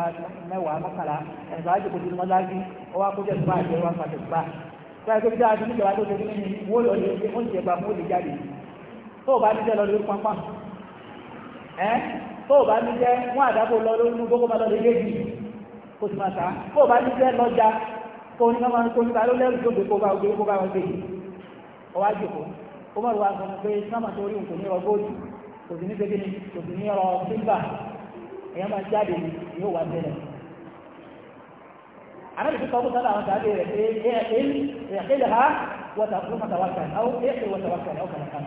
mẹ́wàá mọ́kànlá ẹnìkan á jòkó sínú mọsáájú ó wá kójú ẹsùn bá àjẹ wá pàṣẹ gbà báyìí tó bí dáa sínú ìjọba tó ṣe fún mi wọ́n lọ lè ṣe oúnjẹ gbà fún olùjáde tó o bá ní jẹ́ lọ lórí pápá ẹ́ tó o bá ní jẹ́ wọ́n àdáko lọ lórí gbogbo máa lọ lórí léjì kó sì máa ta tó o kó ní kọ́mọ tó ní ta ló lẹ́rù tó dòkó bá gbé kó bá wọn gbé ọwá jòkó ó mọ̀ wá sọ́nà pé sọ́mà tó rí òkùnrin rọ góòlù kò sí ní pété ní kò sí ní rọ sílvà èèyàn máa jáde yóò wá tẹ́lẹ̀ àmẹ́lì tó kọ́kọ́ sọ́nà àwọn tàbí rẹ̀ pé ẹ̀ẹ́lẹ̀ ha wọ́ta fún mọ̀tàwákà àwọn ẹ̀ẹ́lẹ̀ wọ́tàwákà àwọn kàlàkà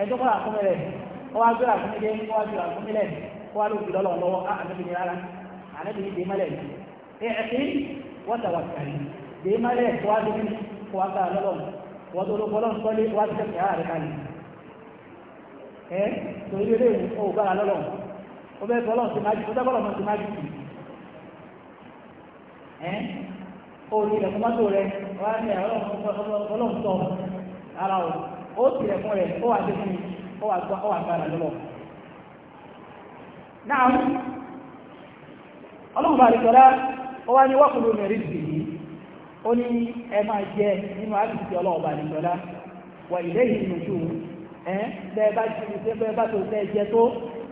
ẹjọ́ kọ́ra àkúnmẹ́ rẹ̀ wọ́n wá gbéra àkúnmẹ́ jẹ́ wọ́n wá gbéra àkúnmẹ́ lẹ̀ wọ́n wá lóògì lọ́lọ́ lọ́wọ́ àmẹ́bìnrin rárá àmẹ́bìnrin dè mọ́lẹ̀ ẹ̀ẹ́lẹ̀ wọ́tàwàkàrí bí mẹ́rẹ̀ tó wá dé ní wákà lọ́lọ́run wọ́n tó lóko lọ́n sọ́lé wá ti tẹ̀sẹ̀ ààrẹ kalẹ̀ ẹ́ torí eré òwò bára lọ́lọ́run ó bẹ́ẹ̀ tọ́lọ́ sí májì ara o ó ti ilẹ̀kùn rẹ̀ ó wà dé fún mi ó wà ọlọ́run bá rí sọ́lá ó wá ní wọ́kùnlù mẹ́rin sì yìí ó ní ẹ máa jẹ nínú àdìsí ọlọ́ọ̀bà àdìsọ́lá wà ilé yìí nìjú ẹ bẹ́ẹ̀ bá ti ṣe bẹ́ẹ̀ bá tó fẹ́ jẹ tó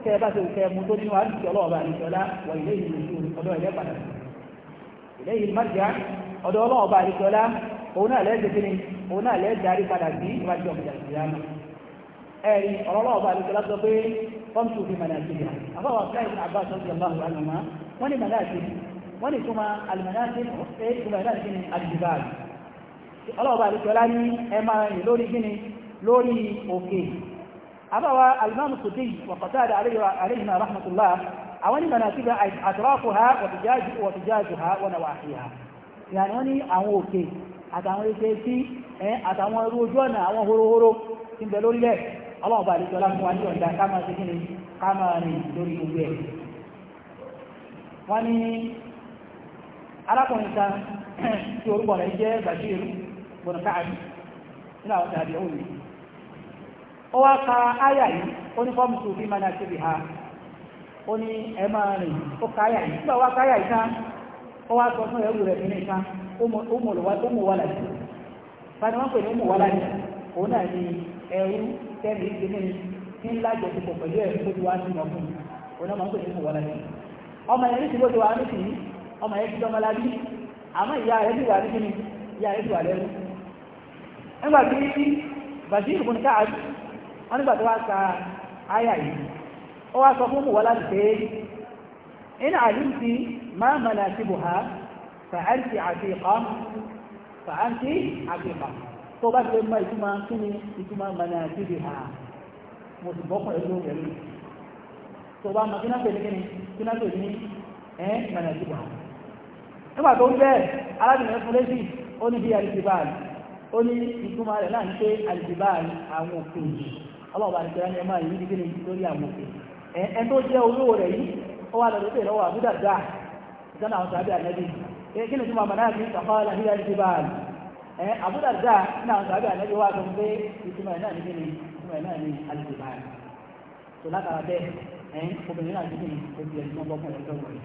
kẹ́ bá tó fẹ́ mu tó nínú àdìsí ọlọ́ọ̀bà àdìsọ́lá wà ilé yìí nìjú ọdọ́ ilé padà ilé yìí má jà ọdọ́ ọlọ́ọ̀bà àdìsọ́lá òun náà lẹ́ẹ̀dẹ́ kí ni òun náà lẹ́ẹ̀ darí padà wọ́n lè túnmọ̀ alìmọ̀dáṣe ọ̀fẹ́ ìgbàláṣe kí ni alìjìbáàlì ọlọ́ọ̀bá àríkọlá ní ẹmà rẹ̀ lórí gíní lórí òkè àbáwá alìmọ̀mù sòtí wàkọ̀tàdà àríyìnà rahmatullah àwọn ìgbà náà síbẹ̀ àtọ́rọ́kù ha wàtìjáàjù ha wọ́nà wà sí ha ìyàní wọ́n ní àwọn òkè àtàwọn ẹgbẹ́ sí àtàwọn ẹrú ojú ọ̀nà àwọn horohoro ti arákùnrin kan tí orúkọ rẹ̀ jẹ́ bashir bọ̀nà káàdì àwọn tàbí òun yìí ó wá ka áyà yìí ó ní fọ́ọ̀mù tó máa náà síbi ha ó ní ẹ rìn ó ka áyà yìí nígbà wá ka áyà yìí tán ó wá sọ fún ẹrù rẹ̀ nínú ìtàn ó mọ̀ ọmọ ẹ̀rí ti ní ọmọ yẹn ti dọ́mọ lábí àmọ́ ìyá rẹ̀ ti wà ní kíni ìyá rẹ̀ ti wà lẹ́rú nígbà tí bàtí ìbùn káàdì wọn nígbà tó wá ka àyà yìí ó wá sọ fún mùwọ́ láti pé in àlùmtì máa mọ̀nà àti bùhá fàáǹtì àfihàn fàáǹtì àfihàn tó bá ti lè mọ ìtumọ̀ kíni ìtumọ̀ mọ̀nà àti bùhá mo sì bọ́kùn ẹ̀rọ pẹ̀lú tó bá mọ̀ kí náà pè ní kíni kí náà pè ní ẹ̀ mọ̀nà àti bùhá nígbà tó ń bẹ́ẹ̀ arábìnrin fún lẹ́sì ó ní bí alìsìbáàlì ó ní ìtumọ̀ rẹ̀ náà ń pé alìsìbáàlì àwọn òkè ọlọ́ọ̀bà ní kẹrẹ́ ní ẹmọ́ yìí nígbè lórí àwọn òkè ẹ̀ tó jẹ́ olówó rẹ̀ yìí ó wà lọ lókè lọ́wọ́ àbúdà dá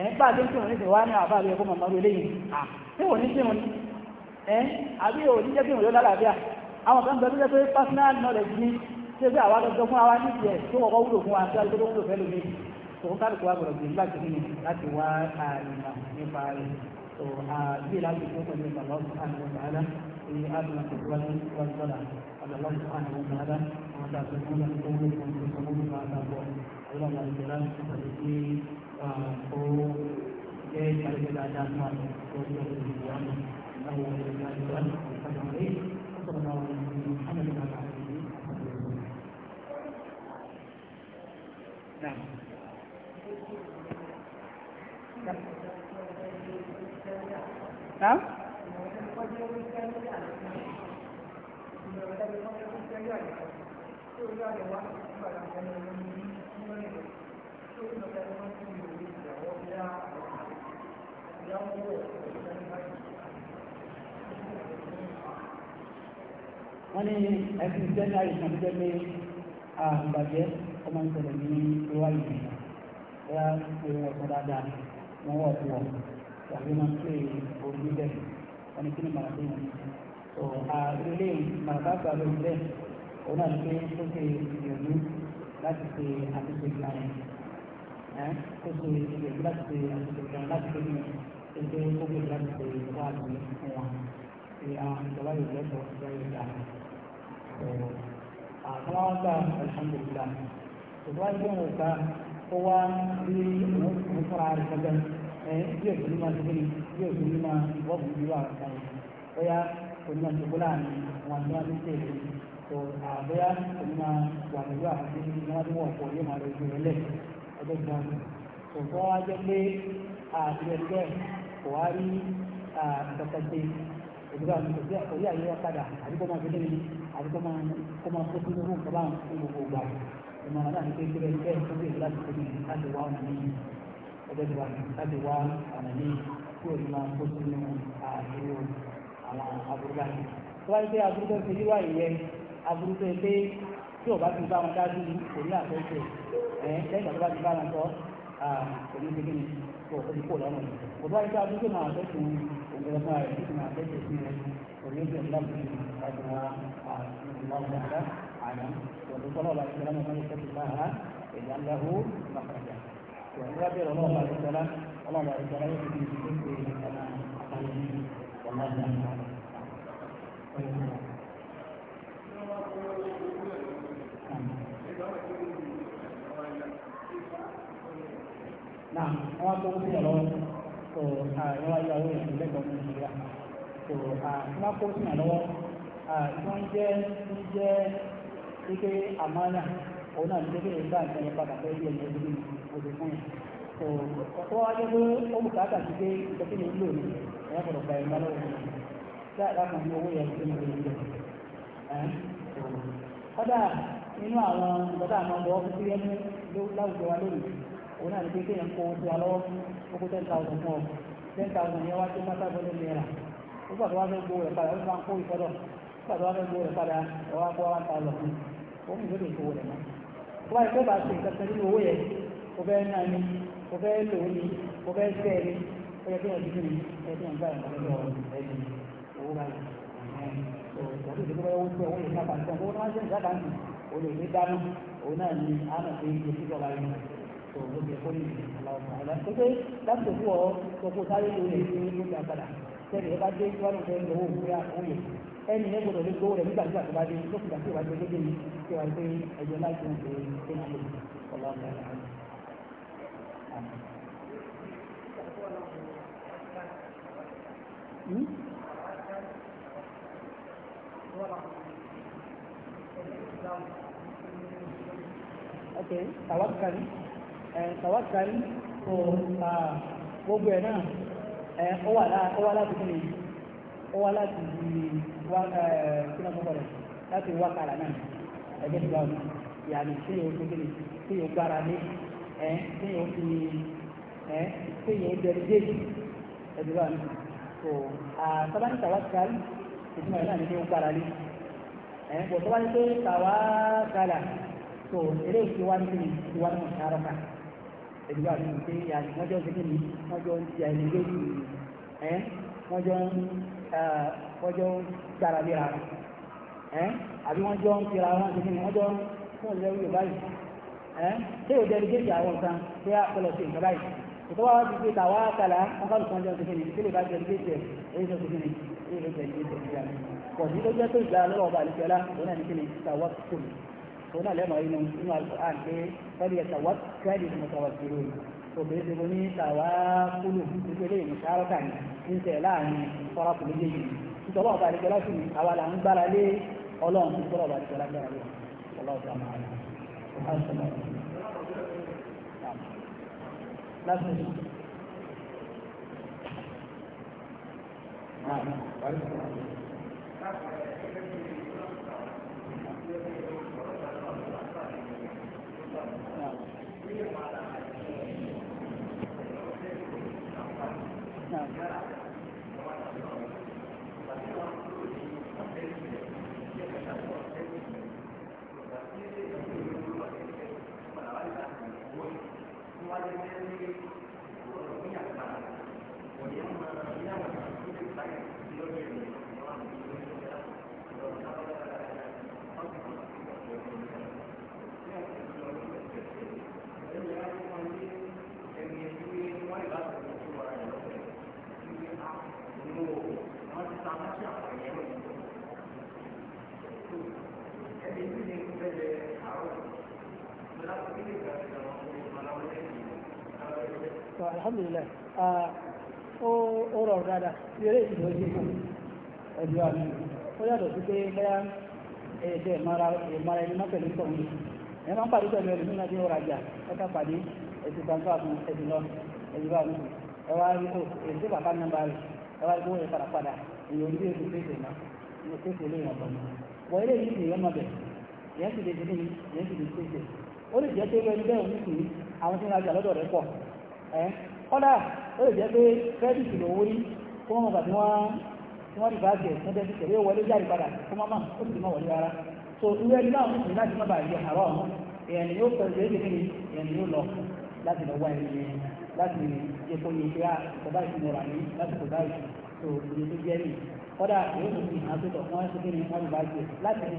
ẹ̀ bá tó ń kírun nísìnyí wá ní àbá rẹ̀ kó màmá rẹ̀ léyìn ṣé wò ní kírun ní ẹ̀ àbí ò ní jẹ́ kírun yóò lálàáfíà àwọn kan gbẹ́gbẹ́ pé personal knowledge ní ṣé pé àwa gbẹgbẹ́ fún àwa nídìí ẹ̀ tó kọ́kọ́ wúlò fún wa tí a tó wúlò fẹ́ lómi tòun kálukú wa gbọdọ̀ gbìyànjú láti ní láti wá àìmọ̀ nípa rẹ̀ tó bí láti fún pẹ̀lú ìgbàlọ́ سبحانه وتعالى في آدم والصلاة على الله سبحانه وتعالى وتعالى من قوله ومن kó jẹ́ ìpàdé dáadáa fún àwọn tó ń lọ sí ìlú wọn náà wọ́n lè gba ìlú wọn kó sábà rí kó sábà náà wọ́n lè fi hàmì nípa náà sí wọ́n ní ẹ̀sìn ìjẹ́ni àìsàn tó jẹ́ pé àgbàjẹ́ ọmọ ìṣẹ̀lẹ̀ ní ìwà ìlú ẹ̀yà pé wọ́n sọ dáadáa wọ́n wọ̀ fún wọn tàbí wọ́n pè orí bẹ́ẹ̀ wọ́n ní kí ni màrà tó yìí tó àrílé màrà bá lórí bẹ́ẹ̀ òun náà ní pé ó ṣe ìrìnàjò láti ṣe àtúnṣe ìlànà kó so ìgbìyànjú láti ṣe àtúntò láti ṣe ní ẹgbẹ́ kókò láti ṣe wá àti fún wa ṣe àjọba yóò lẹ́kọ̀ọ́ ìjọba yóò dá àwọn wọn gbà alhamdulillah ṣùgbọ́n ẹgbẹ́ wọn gbà kó wá bí òun fúnra rẹ̀ gbọ́dọ̀ ẹ bí òkú ní máa ṣe bí òkú ní máa bọ́ọ̀bù bí wà kàn bóyá onímọ̀ ṣòkó láàrin wọn àti wọn ti ṣe èdè tó àbóyá onímọ̀ wà pẹ̀lú àti wọn ti wọ̀ pọ̀ yóò máa lọ ìgbìmọ̀ lẹ́yìn ọ̀dọ́gbọ̀n òkú wa jẹ́ pé àtìrẹ̀lẹ́ kò wá rí ìtọ́kọ̀tẹ́ òdúrà ní kò sí àkórí àyè ọ̀kadà àdúgbò máa gbélé ní àdúgbò máa kó máa kó sínú fún kọ́bá ní gbogbo ìgbà ìmọ̀ náà ní kékeré bẹ́ẹ̀ tó bẹ̀rẹ̀ láti kó ní láti wá ọ̀nà ní ọ̀dọ́gbọ̀n láti wá ọ̀nà ní kí òní máa kó sínú àdúrò àwọn aburú báyìí. tó wáyé pé aburú tó ń ṣe yíwá ìyẹn aburú tó ń pé tí ò bá fi bá wọn dájú ní òní àfẹ́fẹ́ ẹ̀ lẹ́yìn ìgbà tó bá ti bára tọ́ òní ti kí ni kò òní kò lọ́rùn kò tó wáyé pé abúlé máa fẹ́ fún òǹgbẹ́ fún ààrẹ tó máa fẹ́ fún rẹ òní ti ìlà fún ìgbàgbọ́ àwọn àgbà àná òní tọ́lọ́ ọ̀la ìṣẹ̀lá máa fẹ́ fún bára ẹ̀yà ńlá ó máa fàjà òní wá bẹ̀rẹ̀ ọlọ́ọ̀la ìṣẹ̀lá ọlọ́ọ̀la ìṣẹ̀lá yóò fi kí ni kí ni ọ̀la àtàlẹ́ ọ̀la àtàlẹ́ náà àwọn tó ń sí ọ̀rọ̀ tó àwọn ìyàwó ìlú lẹ́gbọ̀n nàìjíríà tó àwọn kó sí ọ̀rọ̀ wọ́n jẹ́ ń jẹ́ ike àmàlà òun náà jẹ́ kéèyàn bá ìtẹ̀lé padà fẹ́ bí ẹni ẹni òde fún yẹn tó ọ̀tọ́ wájú pé ó mú kàákà sí pé ìtọ́kí ni ń lò ní ẹ̀yà gbọ́dọ̀ gba ìgbà lọ́wọ́ yẹn dáadáa kan ní owó yẹn tó ń lò ní ẹ̀ kọ́dà nínú àwọn ìgbọ́dọ̀ àmọ́ ọ̀dọ́ ọ́fíìsì yẹn láwùjọ wa lónìí òun náà ní pé kéèyàn kó owó sí wa lọ́wọ́ ó kó ten thousand fún ọ ten thousand yẹn wá sí mọ́tà gbọ́dọ̀ náírà ó gbàdúrà wá fẹ́ gbowó rẹ̀ padà ó máa ń kó ìfọ́dọ̀ ó gbàdúrà wá fẹ́ gbowó rẹ̀ padà ẹ̀ wá kó one thousand fún ó mú ìlódì ìfowó rẹ̀ mọ́ ó bá yẹ kó bá ṣe nǹkan nínú owó yẹn ó fẹ́ ná ni ó fẹ́ lò ó ni ó fẹ́ sẹ́ ni ó yẹ kéèyàn dídì ni ó yẹ kéèyàn gbà ẹ̀ lọ́wọ́ ẹni owó báyìí ìtọ́jú ìdílé owó tó owó ìsábà ń tán owó náà ṣe ń sábà tó o lóbi ẹ̀kọ́ yìí aláwọ̀ àlá tó pé láti òkú ọ gbogbo sáré ló lè ní lóbi àgbàdà sẹ́ni ẹ bá dé wọn fẹ́ lọ́wọ́ òwúrẹ́ àwọn yẹn ẹni ẹ gbọdọ̀ lé gbowó rẹ̀ nígbà tí àti bá dé tó kùdà sí ìwà gbé gbé yìí tí wàá gbé ẹjọ́ láti ń pè é tó ń lò ọlọ́run ẹ̀ Okay, tawakal. tawakkal tó gbogbo ẹ̀ náà ó wà láti kí ni ó wà láti wá kí náà kọ́kọ́ rẹ̀ láti wá kàrà náà ẹgbẹ́ tí wọ́n yàrá tí yóò tó kí tí yóò gbára tí yóò fi tí yóò déjì ìtumọ̀ náà kí gbára pé eré ìfiwá ní kí ni ìfiwá ní ẹ̀dùn àti ìpè yàrá wọ́n jọ ń ṣe kíni wọ́n jọ ń ti àìlè lórí ẹ̀ wọ́n jọ ń wọ́n jọ ń gbára léra ẹ̀ àbí wọ́n jọ ń fira wọn ṣe kíni wọ́n jọ ń fún ìlú Yorùbá yìí ẹ̀ ṣé yóò dẹ́ni géèjì àwọn nǹkan pé àpọlọ̀ ṣe nǹkan báyìí ìtọ́ wa ti gbé ta wá kàlà wọn kà lùkọ́ jọ ń ṣe kíni ìpínlẹ̀ bá jẹ́ géèjì ẹ̀ òun náà lẹ́mọ̀ inú inú alukur'an pé wọ́n yẹ tàwa kẹ́lì mọ̀tàwàkìrò obìnrin ti mo ní tàwa kúlù nítorí eléyìí ní sárọ́kà ní ń tẹ̀ láàrin fọ́rọ́kù méjèèjì nítorí ọba àdìgbẹ́lá sì ní àwa là ń gbára lé ọlọ́run tó tọ́lọ̀ ọba gbára lé ọlọ́run Thank you. alhamdulillah ó rọrùn dáadáa tí eré ìdìbò yìí kù ẹ̀dùn àmì ó yàtọ̀ sí pé bẹ́ẹ̀ ẹ̀ẹ́dẹ̀ ìmara ẹni má pẹ̀lú ìtọ̀ mi ẹ̀ máa ń pàdé pẹ̀lú ẹ̀lú nínú ẹ̀dínwó rajà ẹ̀ka pàdé ẹ̀sìn gbàgbà fún ẹ̀dùn lọ ẹ̀dùn bá mi ẹ̀ wá rí kó èsì bàbá nàmbà rẹ̀ ẹ̀ wá rí kó ẹ̀ padà padà èyí orí èsì fèsì náà mo fèsì lóyún ọ̀pọ̀ mi wọ ilé yìí sì yọmọ bẹ̀ yẹn sì lè dídí yẹn sì lè fèsì ó lè jẹ́ pé bẹ́ẹ̀ ní bẹ́ẹ̀ ní sì àwọn tí ń rajà lọ́dọ̀ rẹ̀ pọ̀ ẹ́ kọ́dà ó lè jẹ́ pé kẹ́rìtì lòun rí kó wọn gbàgbé wọn tí wọ́n rí báàgì ẹ̀ níbẹ̀ ti tẹ̀lé wọlé jáde padà kó má ó sì má wọlé so irú ẹni náà ní láti má bàa yẹ àárọ̀ ọ̀hún èèyàn ni yóò pẹ̀lú èdè kí ni èèyàn ni yóò lọ láti lọ wá ẹni yẹn láti jẹ kó yẹ pé ah, ìjọba ìsinmi rà ní láti kó báyìí so ìyẹn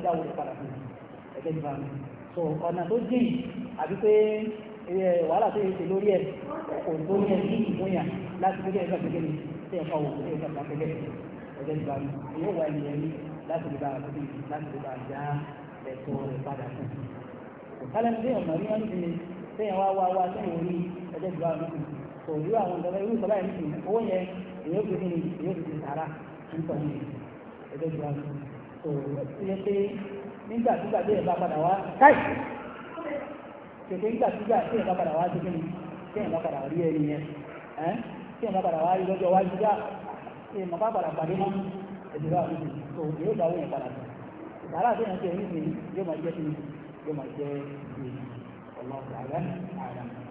tó so ọ̀nà tó jìn wàhálà tó yẹ ṣe lórí ẹ̀ kò tó yẹ kí ìgbóyà láti gbé ẹgbẹ́ gbẹgbẹ́ mi tẹ́ ẹ̀ka wò tẹ́ ẹ̀ka gbẹgbẹ́ ọjọ́ ìgbà mi èyí wà ní ẹni láti lè bá tóbi láti lè bá já ẹ̀tọ́ rẹ̀ padà sí. kálẹ̀ ní sẹ́yìn ọ̀nà rí wọn ti sẹ́yìn wá wá wá sẹ́yìn orí ọjọ́ ìgbà mi kò rí àwọn ìjọba irú ìjọba yẹn ti owó yẹn èyí ó fi kí ni èyí ó fi ti mi ọjọ́ kèké nígbàkígbà tí èèyàn bá padà wá sí kíni tí èèyàn bá padà rí ẹni yẹn tí èèyàn bá padà wá rí lọ́jọ́ wájú dá èèyàn bá padà pàdé mọ́ ẹ̀dùn àwọn ìlú tó yóò dáwọ́ yẹn padà sàrà tí èèyàn ti ẹ̀yìn yóò máa jẹ́ kíni yóò máa jẹ́ ìlú ọlọ́ọ̀gá àgbà àgbà